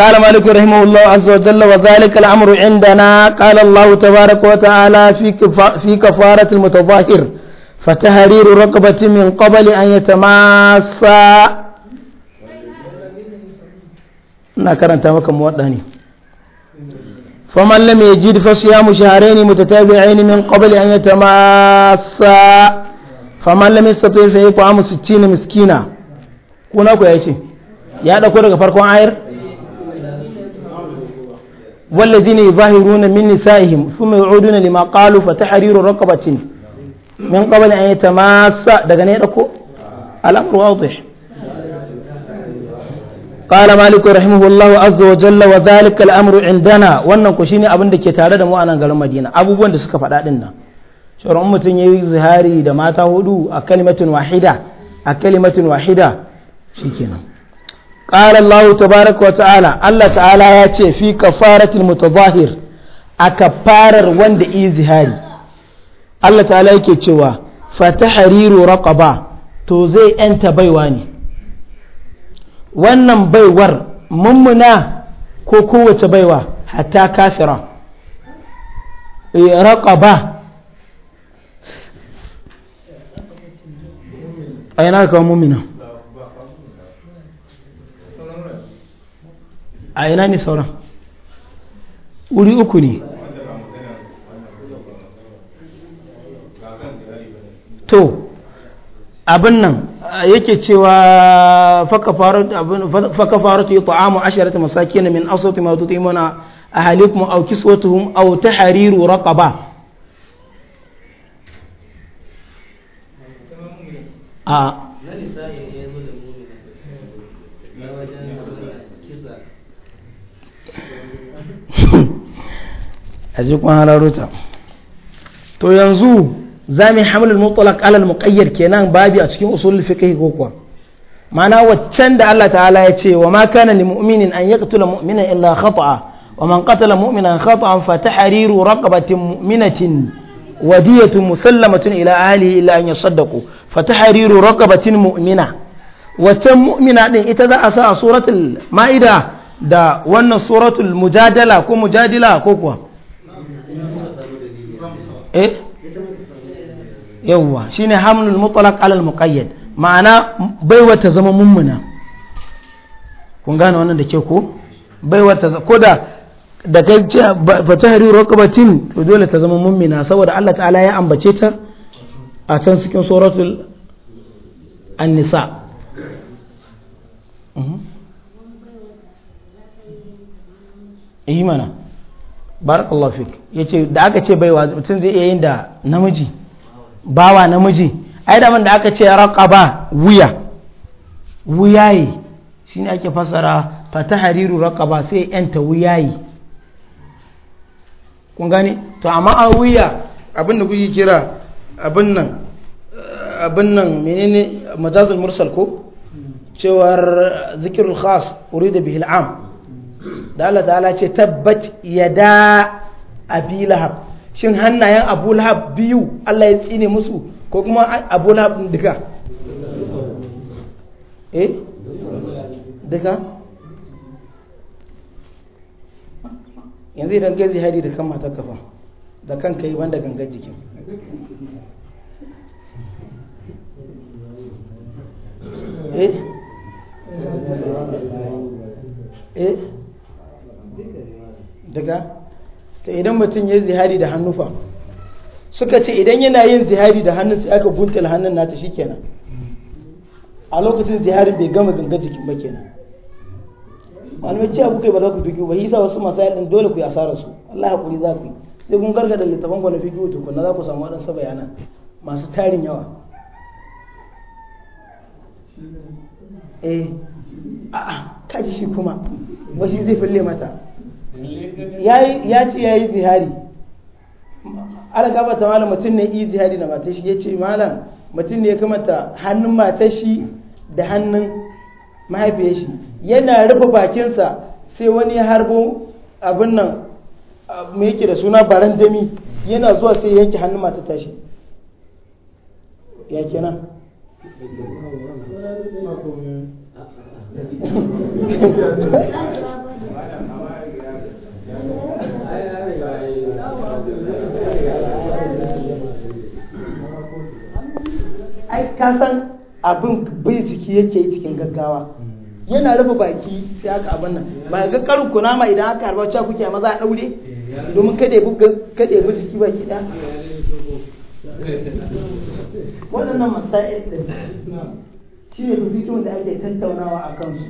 قال مالك رحمه الله عز وجل وذلك الأمر عندنا قال الله تبارك وتعالى في, كفا في كفارة المتظاهر فتهرير رقبة من قبل أن يتماسى نكرت مكة موضعني فمن لم يجد فصيام شهرين متتابعين من قبل أن يتماسى فمن لم يستطيع فيطعم ستين مسكينا كنا كويتي ya dauko daga farkon ayar wallazina yuzahiruna min nisa'ihim thumma yu'uduna lima qalu fa tahriru raqabatin min qabli an yatamassa daga ne dauko alam ruwadh qala maliku rahimahullahu azza wa jalla wa dhalika al'amru indana wannan ko shine abin da ke tare da mu a nan garin Madina abubuwan da suka fada din nan shawara ummatin yayi zahari da mata hudu a kalimatin wahida a kalimatin wahida shikenan qala Allah tabaaraka wa ta'ala Allah ta'ala ya ce fi kafaratil mutadhahir a kafarar wanda izihari Allah ta'ala yake cewa fatahriru raqaba to zai yanta baiwa ne wannan baiwar mummuna ko kowace baiwa hatta kafira e, raqaba aina a ina ne sauran wuri uku ne to abin nan yake cewa faka faru ta yi ta'amu ashirata masaki na min asauti ma tutu imana a halikum au kiswatuhum au ta hariru raqaba a a ji kun hararo ta to yanzu za mu hamlul mutlaq alal muqayyad kenan babi a cikin usulul fiqh ko kuwa ma'ana waccan da Allah ta'ala ya ce wa ma kana lil mu'minin an yaqtula mu'mina illa khata'a wa man qatala mu'minan khata'an fa tahriru raqabatin mu'minatin wa diyatun musallamatun ila ahlihi illa an yasaddaqu fa tahriru raqabatin mu'mina waccan mu'mina din ita za a sa a suratul ma'ida da wannan suratul mujadala ko mujadila ko kuwa eh yawwa shine hamlul mutlaq alal muqayyad ma'ana baiwa ta zama mummuna kun gane wannan da ke ko baiwa ta ko da da kai ce fa tahriru raqabatin to dole ta zama mummuna saboda Allah ta'ala ya ambace ta a can cikin suratul an-nisa imana mhm. eh, barakallahu fik yace da aka ce baiwa mutum zai iya yin da namiji bawa namiji ai da da aka ce raqaba wuya wuyayi shine ake fasara hariru raqaba sai yanta wuyayi kun gane to amma a wuya abin da kuke kira abin nan abin nan menene majazul mursal ko cewar zikirul khas urida bihi am da Allah ta'ala ce tabbat yada abi lahab shin hannayen abu lahab biyu Allah ya tsine musu ko kuma abu lahab duka eh duka yanzu idan ga hari da kan matar kafa da kan kai banda gangar jikin eh eh daga ta idan mutum ya zihari da hannufa suka ce idan yana yin zihari da hannun sai aka buntal hannun nata kenan a lokacin zihari bai gama ganga jikin ba kenan malamai ce abu kai ba za ku fiƙi ba sa wasu masu yadda dole ku yi asara su Allah haƙuri za ku yi sai kun gargada littafan ku na fiƙi tukunna za ku samu waɗansu bayanan masu tarin yawa eh a'a kaji shi kuma ba shi zai fille mata ya ce ya yi zihari algaba ta malam mutum ne yi zihari da matashi ya ce malam mutum ne ya kamata hannun matashi da hannun mahaifiyar shi yana rufe bakinsa sai wani ya harbo abin nan mai yake da suna barandami yana zuwa sai ya yanke hannun mata tashi ya kenan ai ka san abin bai jiki yake cikin gaggawa yana rufe baki sai aka abin nan ba ga karin ma idan aka harba cewa kuke maza a daure domin kada ya bu jiki baki da waɗannan masa'il ɗin shi ne fi da ake tattaunawa a kansu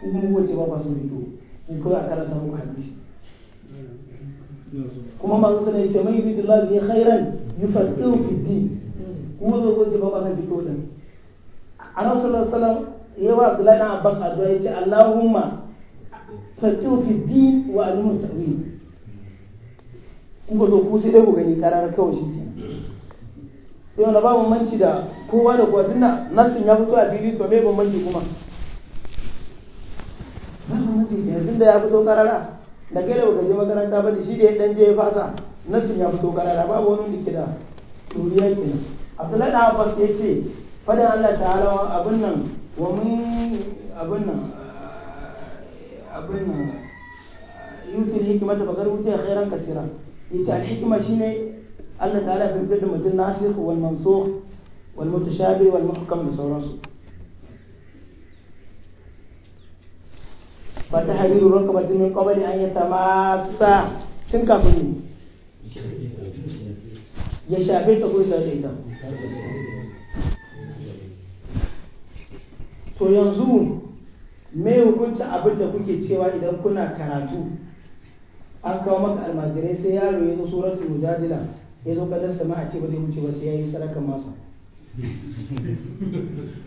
kuma wajen ba su fito in kawai a karanta muku hadisi kuma masu sallallahu ce mai yi Allah bi khairan yi fi din kuma zo goje ba ba san fito a nan sallar salam ya wa Abdullahi dan Abbas addu'a ce Allahumma faqihu fi wa alimun ta'wil kuma zo ku sai dai ku gani karar kawai shi ke sai wani ba bambanci da kowa da kowa tunda nasin ya fito a fili to me bambanci kuma ba bambanci ne tunda ya fito karara da kai ba baka je makaranta ba da shi da ya dan je ya fasa nasin ya fito karara babu wani da ke da duniya kenan abdullahi da abbas ya ce fada Allah ta'ala abin nan wa mun abin nan eh, abin nan eh, yutin hikimata bakar wuce khairan kasira ita al-hikma shine Allah ta'ala ya fitar da mutum nasir wal mansukh wal mutashabih wal muhkam da sauransu ba ta hariru ranka ba min kwabali an yi ta masa tun kafin ya shafe ta ko shafe ita to yanzu me hukunci abin da kuke cewa idan kuna karatu an kawo maka almajirai sai yaro ya zo suratul mujadila ya zo kadar sama a ce ba zai wuce ba sai sarakan masa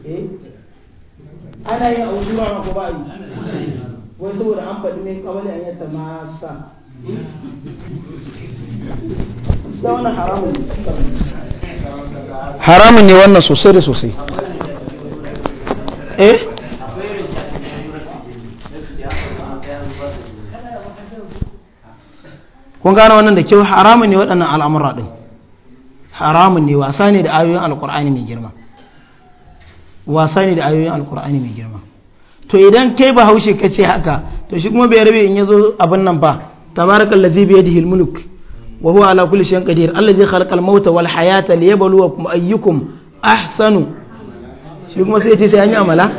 eh? ana yin abu zuwa ko ba yi wai saboda an faɗi ne kawai an ma sa. haramun ne wannan sosai da sosai eh kun gane wannan da kyau haramun ne waɗannan al'amurra ɗin haramun ne wasa ne da ayoyin Alƙur'ani mai girma wasa ne da ayoyin alkur'ani mai girma to idan kai ba haushe ka ce haka to shi kuma bai rabe in yazo abin nan ba tabarakal ladhi bi yadihi mulk wa huwa ala kulli shay'in qadir alladhi khalaqa al wal hayata liyabluwakum ayyukum ahsanu shi kuma sai ce sai an yi amala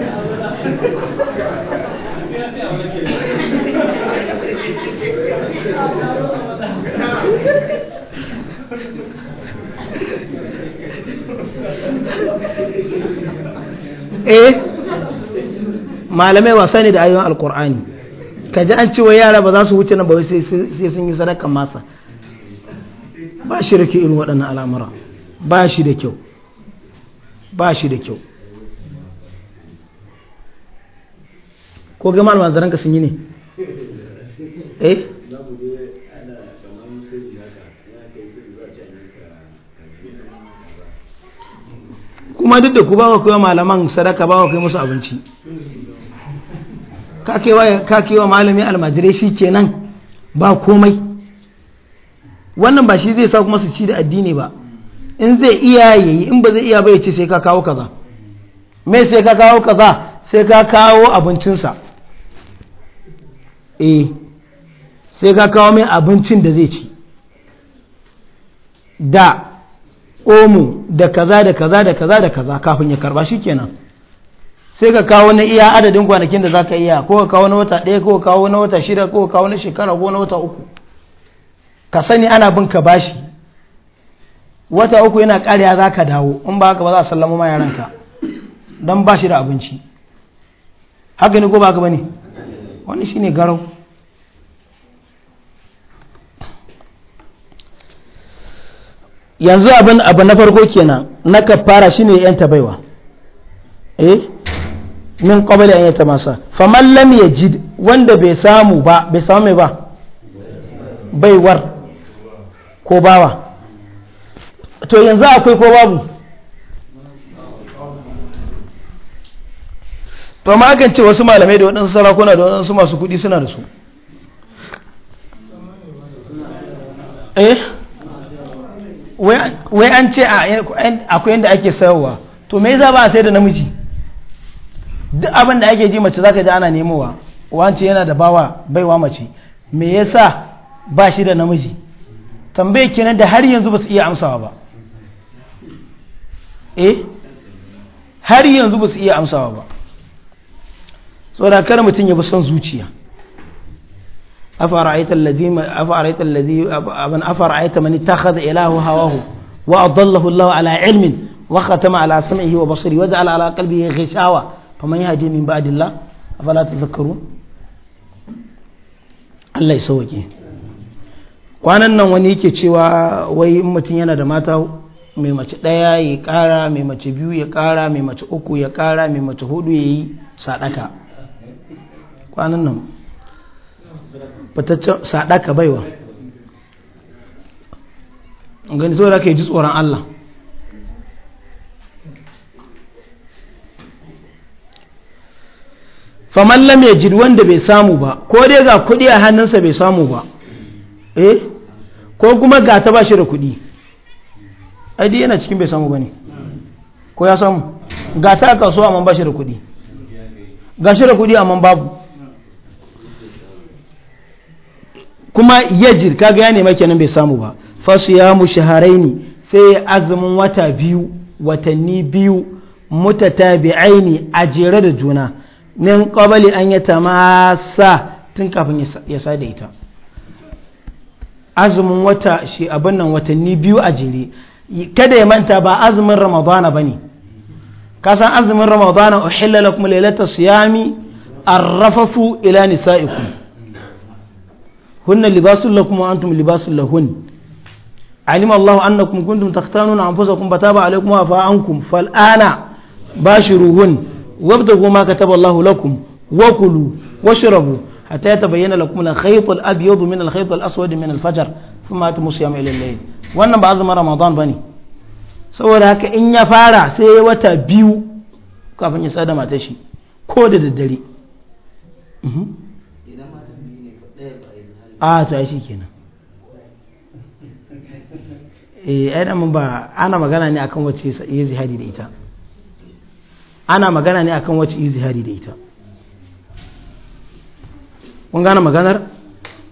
eh malamai wasa ne da ayoyin alkur'ani ka ji an cewa yara ba za su wuce nan ba sai sun yi sadaka masa ba shi da kyau irin waɗannan al'amura ba shi da kyau ba shi da kyau ko ga malaman ka sun yi ne eh kuma duk da ku ba wa kai malaman sadaka ba wa kai musu abinci ka wa malami almajirai shi kenan ba komai wannan ba shi zai sa kuma su ci da addini ba in zai iya yi, in ba zai iya bai ce sai ka kawo kaza me sai ka kawo kaza sai ka kawo abincinsa eh sai ka kawo mai abincin da zai ci da omu da kaza da kaza da kaza da kaza kafin ya karba shi kenan sai ka kawo na iya adadin kwanakin da za ka iya ko ka kawo na wata ɗaya ko ka kawo na wata shida ko ka kawo na shekara ko na wata uku ka sani ana bin ka bashi wata uku yana ƙarya za ka dawo in ba haka ba za a sallama ma yaranka don ba shi da abinci haka ne ko ba haka ba ne wani shine garau yanzu abin abu na farko kenan na ka shi shine yan tabaiwa eh min qabli an yatamasa faman lam yajid wanda bai samu ba bai samu mai ba baiwar ko bawa to yanzu akwai ko babu to ma kan wasu malamai da waɗansu sarakuna da waɗansu masu kuɗi suna da su eh wai an ce akwai yadda ake sayarwa to me za ba a sai da namiji duk abin da ake ji mace zaka ji ana nemowa wance yana da bawa baiwa mace me yasa ba shi da namiji tambaye kenan da har yanzu ba su iya amsawa ba eh har yanzu ba su iya amsawa ba saboda kar mutum ya bi son zuciya Afara أفرأيت الذي أفرأيت الذي من أفرأيت من اتخذ إله هواه وأضله الله على علم وختم على سمعه وبصره وجعل على قلبه غشاوة faman yahdi min ba'dillah afala tadhakkarun Allah ya sauke kwanan nan wani yake cewa wai in mutum yana da mata mai mace ɗaya ya ƙara mai mace biyu ya ƙara mai mace uku ya ƙara mai mace hudu ya yi sadaka kwanan nan fitaccen sadaka baiwa gani saboda ka yi ji tsoron Allah faman lam yajid wanda bai samu ba ko dai ga kuɗi a hannunsa bai samu ba eh ko kuma ga ta bashi da kuɗi ai dai yana cikin bai samu bane ko ya samu ga ta a kasuwa amma bashi da kuɗi ga shi da kuɗi amma babu kuma yajid kaga ya nema kenan bai samu ba fasu ya mu shaharaini sai azumin wata biyu watanni biyu mutatabi'aini a jere da juna min qabli an yatamassa tun kafin ya sada ita azumin wata shi abin nan watanni biyu a jere kada ya manta ba azumin ramadana ba ne kasan azumin ramadana uhilla lakum Laylata siyami arrafafu ila nisa'ikum hunna libasul lakum wa antum libasul lahun علم الله أنكم كنتم تختانون أنفسكم فتاب عليكم وعفى عنكم فالآن باشروهن وابتغوا ما كتب الله لكم وكلوا واشربوا حتى يتبين لكم الخيط الأبيض من الخيط الأسود من الفجر ثم أتموا الصيام إلى الليل wannan ba azumin ramadan ba ne saboda haka in ya fara sai ya wata biyu kafin ya sada mata shi ko da daddare mhm. a to shi kenan eh ai mun ba ana magana ne akan wacce ya zihari da ita ana magana ne akan wacce izihari da ita kun gane maganar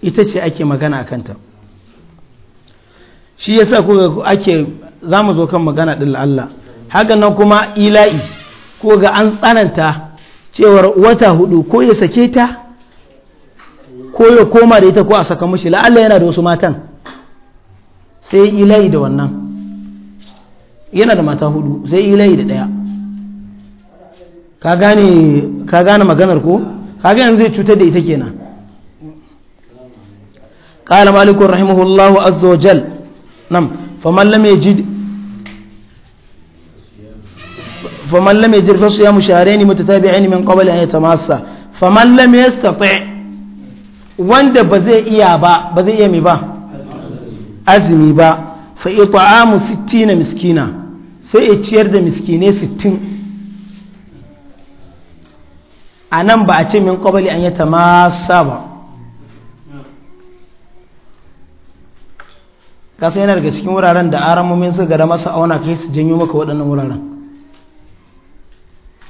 ita ce ake magana a ta shi yasa ko ake zamu zo kan magana din Allah haka nan kuma ila'i ko ga an tsananta cewar wata hudu ko ya sake ta ko ya koma da ita ko a saka mashi la'alla yana da wasu matan sai ila'i da wannan yana da mata hudu sai ila'i da ɗaya ka gane maganar ko kaga yanzu zai cutar da ita kenan qala malik rahimahullahu azza wa jal nam faman lam yajid faman ya mushare ni siyam tabi aini min qabl an masa faman lam yastati wanda ba zai iya ba ba zai iya mi ba azumi ba fa amu 60 miskina sai ya ciyar da miskine sittin. a nan ba a ce min ƙwabali an yi ta masa ba kasa yana daga cikin wuraren da aramomin suka gada masa auna kai su janyo maka waɗannan wuraren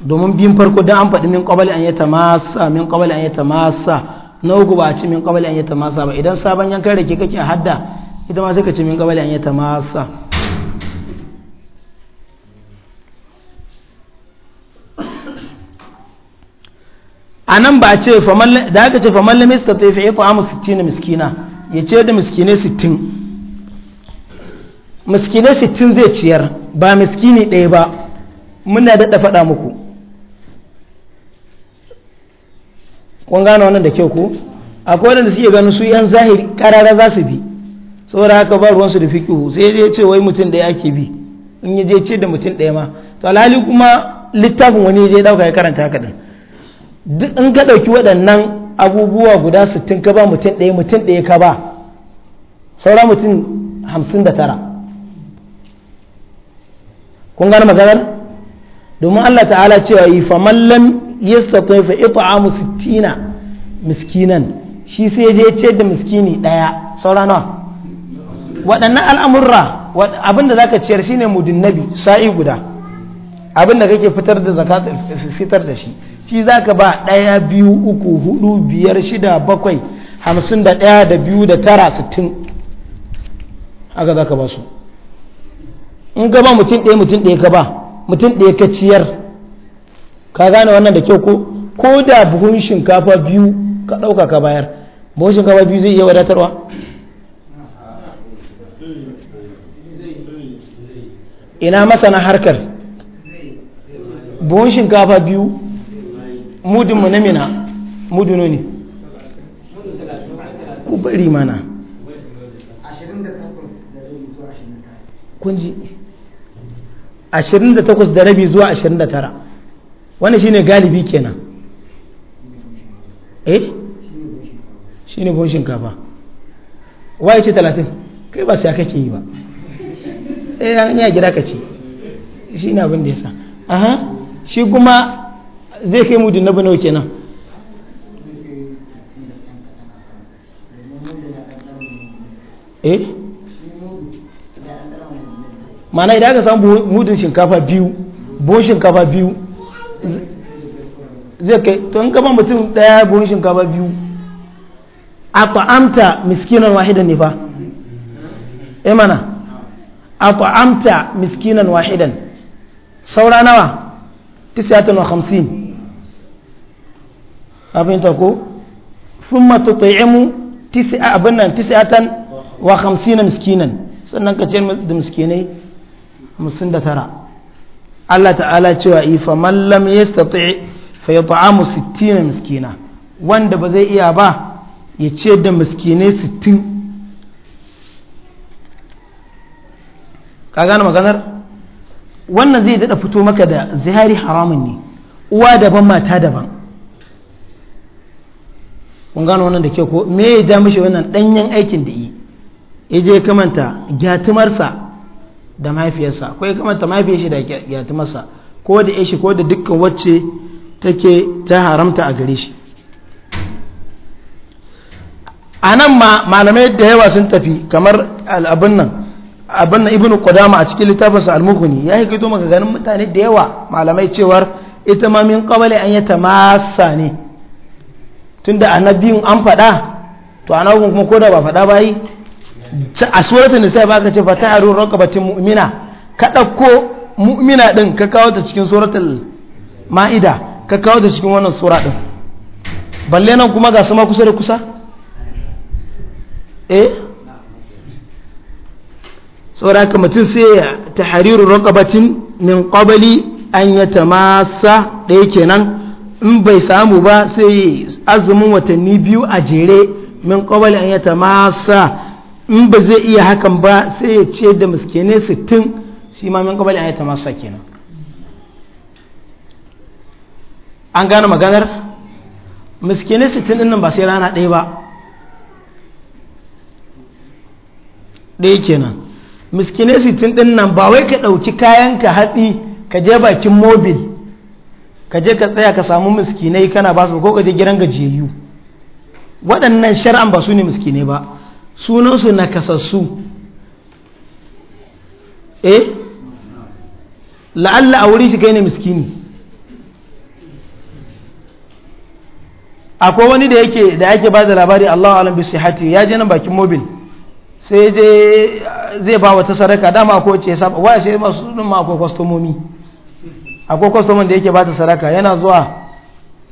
domin biyun farko don an faɗi min ƙwabali an yi ta masa min ƙwabali an yi ta masa na uku ba a ce min ƙwabali an yi ta masa ba idan sabon yankan rake kake a hadda ita ma sai ka ce min ƙwabali an yi ta masa a nan ba a ce da aka ce faman mista ta tafi ya sittin 60 miskina ya ce da miskine 60 miskine 60 zai ciyar ba miskini ɗaya ba muna daɗa faɗa muku kun gane wannan da kyau ko akwai wanda suke ganin su yan zahiri ƙararra za su bi saboda haka ba ruwansu da fikihu sai dai ce wai mutum ɗaya ake bi in ya je ce da mutum ɗaya ma to alhali kuma littafin wani ya je ɗauka ya karanta haka ɗin duk in ga ɗauki waɗannan abubuwa guda sittin ka ba mutum ɗaya mutum ɗaya ka ba saura mutum hamsin da tara kun gane maganar domin Allah ta'ala cewa yi faman lam yastati fa it'amu sittina miskinan shi sai je ce da miskini ɗaya saura nawa waɗannan al'amurra abinda za ka ciyar shine mudin nabi sa'i guda abinda kake fitar da fitar da shi shi za ka ba ɗaya biyu uku hudu biyar shida bakwai hamsin da ɗaya da biyu da tara sittin haka za ka ba su in ka ba mutum ɗaya mutum ɗaya ka ba mutum ɗaya ka ciyar ka gane wannan da kyau ko ko da buhun shinkafa biyu ka ɗauka ka bayar buhun shinkafa biyu zai iya wadatarwa ina masana harkar buhun shinkafa biyu mudinmu na mina mudino ne ku bari mana kunji 28 da rabi zuwa 29 wani shine galibi kenan eh shine bon shinkafa waye ce 30 kai ba sai kake yi ba eh an ya gida kace ce shi abin da yasa aha shi kuma zai kai mudin na nawa kenan eh mana idan aka samu mudin shinkafa biyu buhun shinkafa biyu zai kai to in gaba mutum daya buhun shinkafa biyu a ta'amta miskinan wahidan ne fa eh mana a ta'amta miskinan wahidan saura nawa 59 abin ta ko sun mata ta'imu abin nan tisi'atan wa hamsina miskinan sannan ka ce da miskinai musin da tara Allah ta'ala cewa ifa mallam ya stati fa ya ta'amu sittina miskina wanda ba zai iya ba ya ce da miskinai sittin ka gane maganar wannan zai daɗa fito maka da zihari haramun ne uwa daban mata daban kun gano wannan da ke ko me ya ja mishi wannan danyen aikin da yi ya je kamanta gyatumarsa da mahaifiyarsa ko ya kamanta shi da gyatumarsa ko da ya shi, ko da dukkan wacce take ta haramta a gare shi a nan ma malamai da yawa sun tafi kamar abin nan abin nan ibnu qudama a cikin littafinsa al-mughni ya hikito maka ganin mutane da yawa malamai cewar ita ma min qabali an yatamassa ne tunda a na biyun an faɗa to a hukun kuma koda ba faɗa ba yi a suratun nisa ba ka ce fata a ruwan batun mu'mina ka ɗauko mu'mina ɗin ka kawo ta cikin suratul ma'ida ka kawo ta cikin wannan sura ɗin balle nan kuma ga sama kusa da kusa eh saboda haka mutum sai ya roƙa batun min qabli an yatamassa ɗaya kenan in bai samu ba sai azumin watanni biyu a jere min kawali an masa in ba zai iya hakan ba sai ya ce da miskene 60 shi ma min kawali an masa kenan an gane maganar miskene 60 din nan ba sai rana ɗaya ba ɗaya kenan muskene 60 din nan ba wai ka ɗauki kayanka hatsi ka je bakin mobil ka je ka tsaya ka samu miskinai kana ba su ko ka je gidan gajiyayyu waɗannan shar'an ba su ne miskinai ba sunansu na kasassu eh la'alla a wuri shi kai ne miskini akwai wani da yake da yake ba da labari Allahu alam bi sihati ya je nan bakin mobil sai je zai ba wata sadaka dama ko ce saba waya sai masu sunan ma akwai kwastomomi akwai kwastoman da yake bata saraka yana zuwa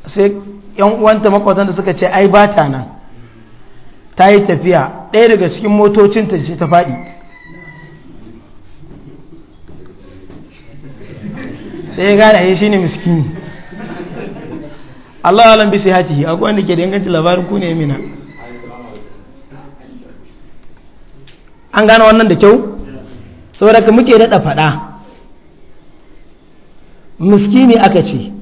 sai yan uwanta makwatan da suka ce ai bata nan ta yi tafiya ɗaya daga cikin motocin ta ce ta faɗi sai ya gane shi ne miskini Allah alam sai sihati akwai wanda ke da inganci labarin ku ne mina an gane wannan da kyau saboda ka muke daɗa faɗa miskini aka ce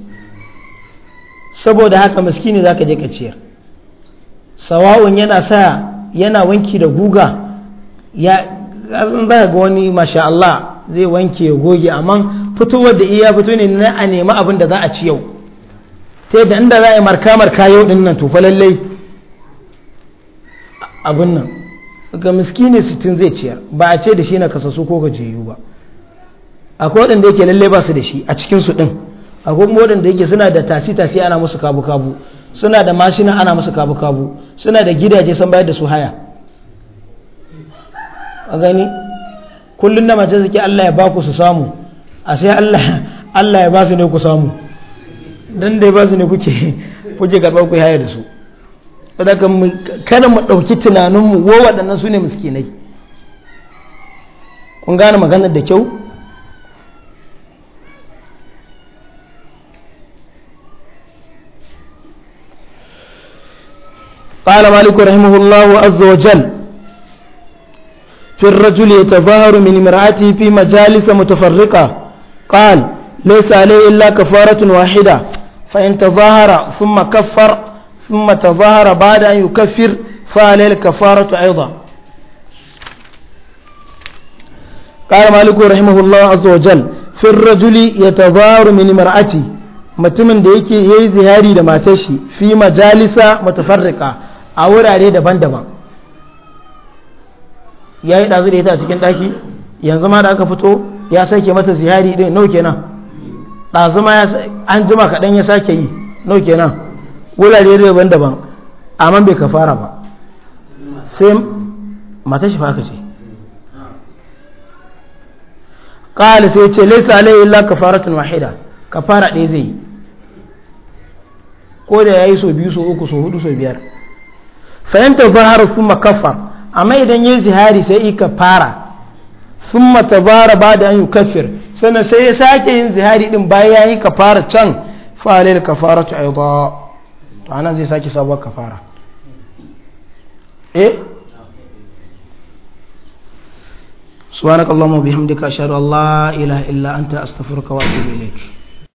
saboda haka miskini za ka je ka ciyar sawa'un yana sa yana wanki da guga ya ba ga wani masha Allah zai wanke goge amma fitowar da iya fito ne na a nemi abin da za a ci yau ta yadda inda za a yi marka marka yau din nan tufa lallai abin nan ga miskini sittin zai ciyar ba a ce da shi na kasasu ko gajiyayyu ba akwai waɗanda yake lalle ba su da shi a cikin su din akwai kuma waɗanda yake suna da tasi tasi ana musu kabu kabu suna da mashina ana musu kabu kabu suna da gidaje sun bayar da su haya a gani kullum da mace suke Allah ya ba ku su samu a sai Allah Allah ya ba su ne ku samu dan da ya ba su ne kuke kuke karɓar ku haya da su saboda kada mu ɗauki tunaninmu wa waɗannan su ne miskinai kun gane maganar da kyau قال مالك رحمه الله عز وجل في الرجل يتظاهر من امرأته في مجالس متفرقة قال ليس عليه إلا كفارة واحدة فإن تظاهر ثم كفر ثم تظاهر بعد أن يكفر فعليه الكفارة أيضا قال مالك رحمه الله عز وجل في الرجل يتظاهر من امرأته mutumin da yake yayi zihari da matar shi fi majalisa mutafarrika a wurare daban-daban ya yi ɗazu da ita a cikin ɗaki yanzu ma da aka fito ya sake mata zihari ɗin nau kenan ɗazu ma an jima kaɗan ya sake yi nau kenan wurare daban-daban amma bai ka fara ba sai mata shi ka ce ƙali sai ce laisa alai illa kafaratun wahida kafara ɗaya zai yi ko da ya yi so biyu so uku so hudu so biyar fahimta zahara sun makafar amma idan ya zihari sai ika fara sun matabara ba da an yi kafir sannan sai ya sake yin zihari din bayan ya yi kafara can fa'alil kafara ta aiba to anan zai sake sabuwar kafara eh سبحانك اللهم وبحمدك أشهد أن لا إله إلا أنت أستغفرك وأتوب إليك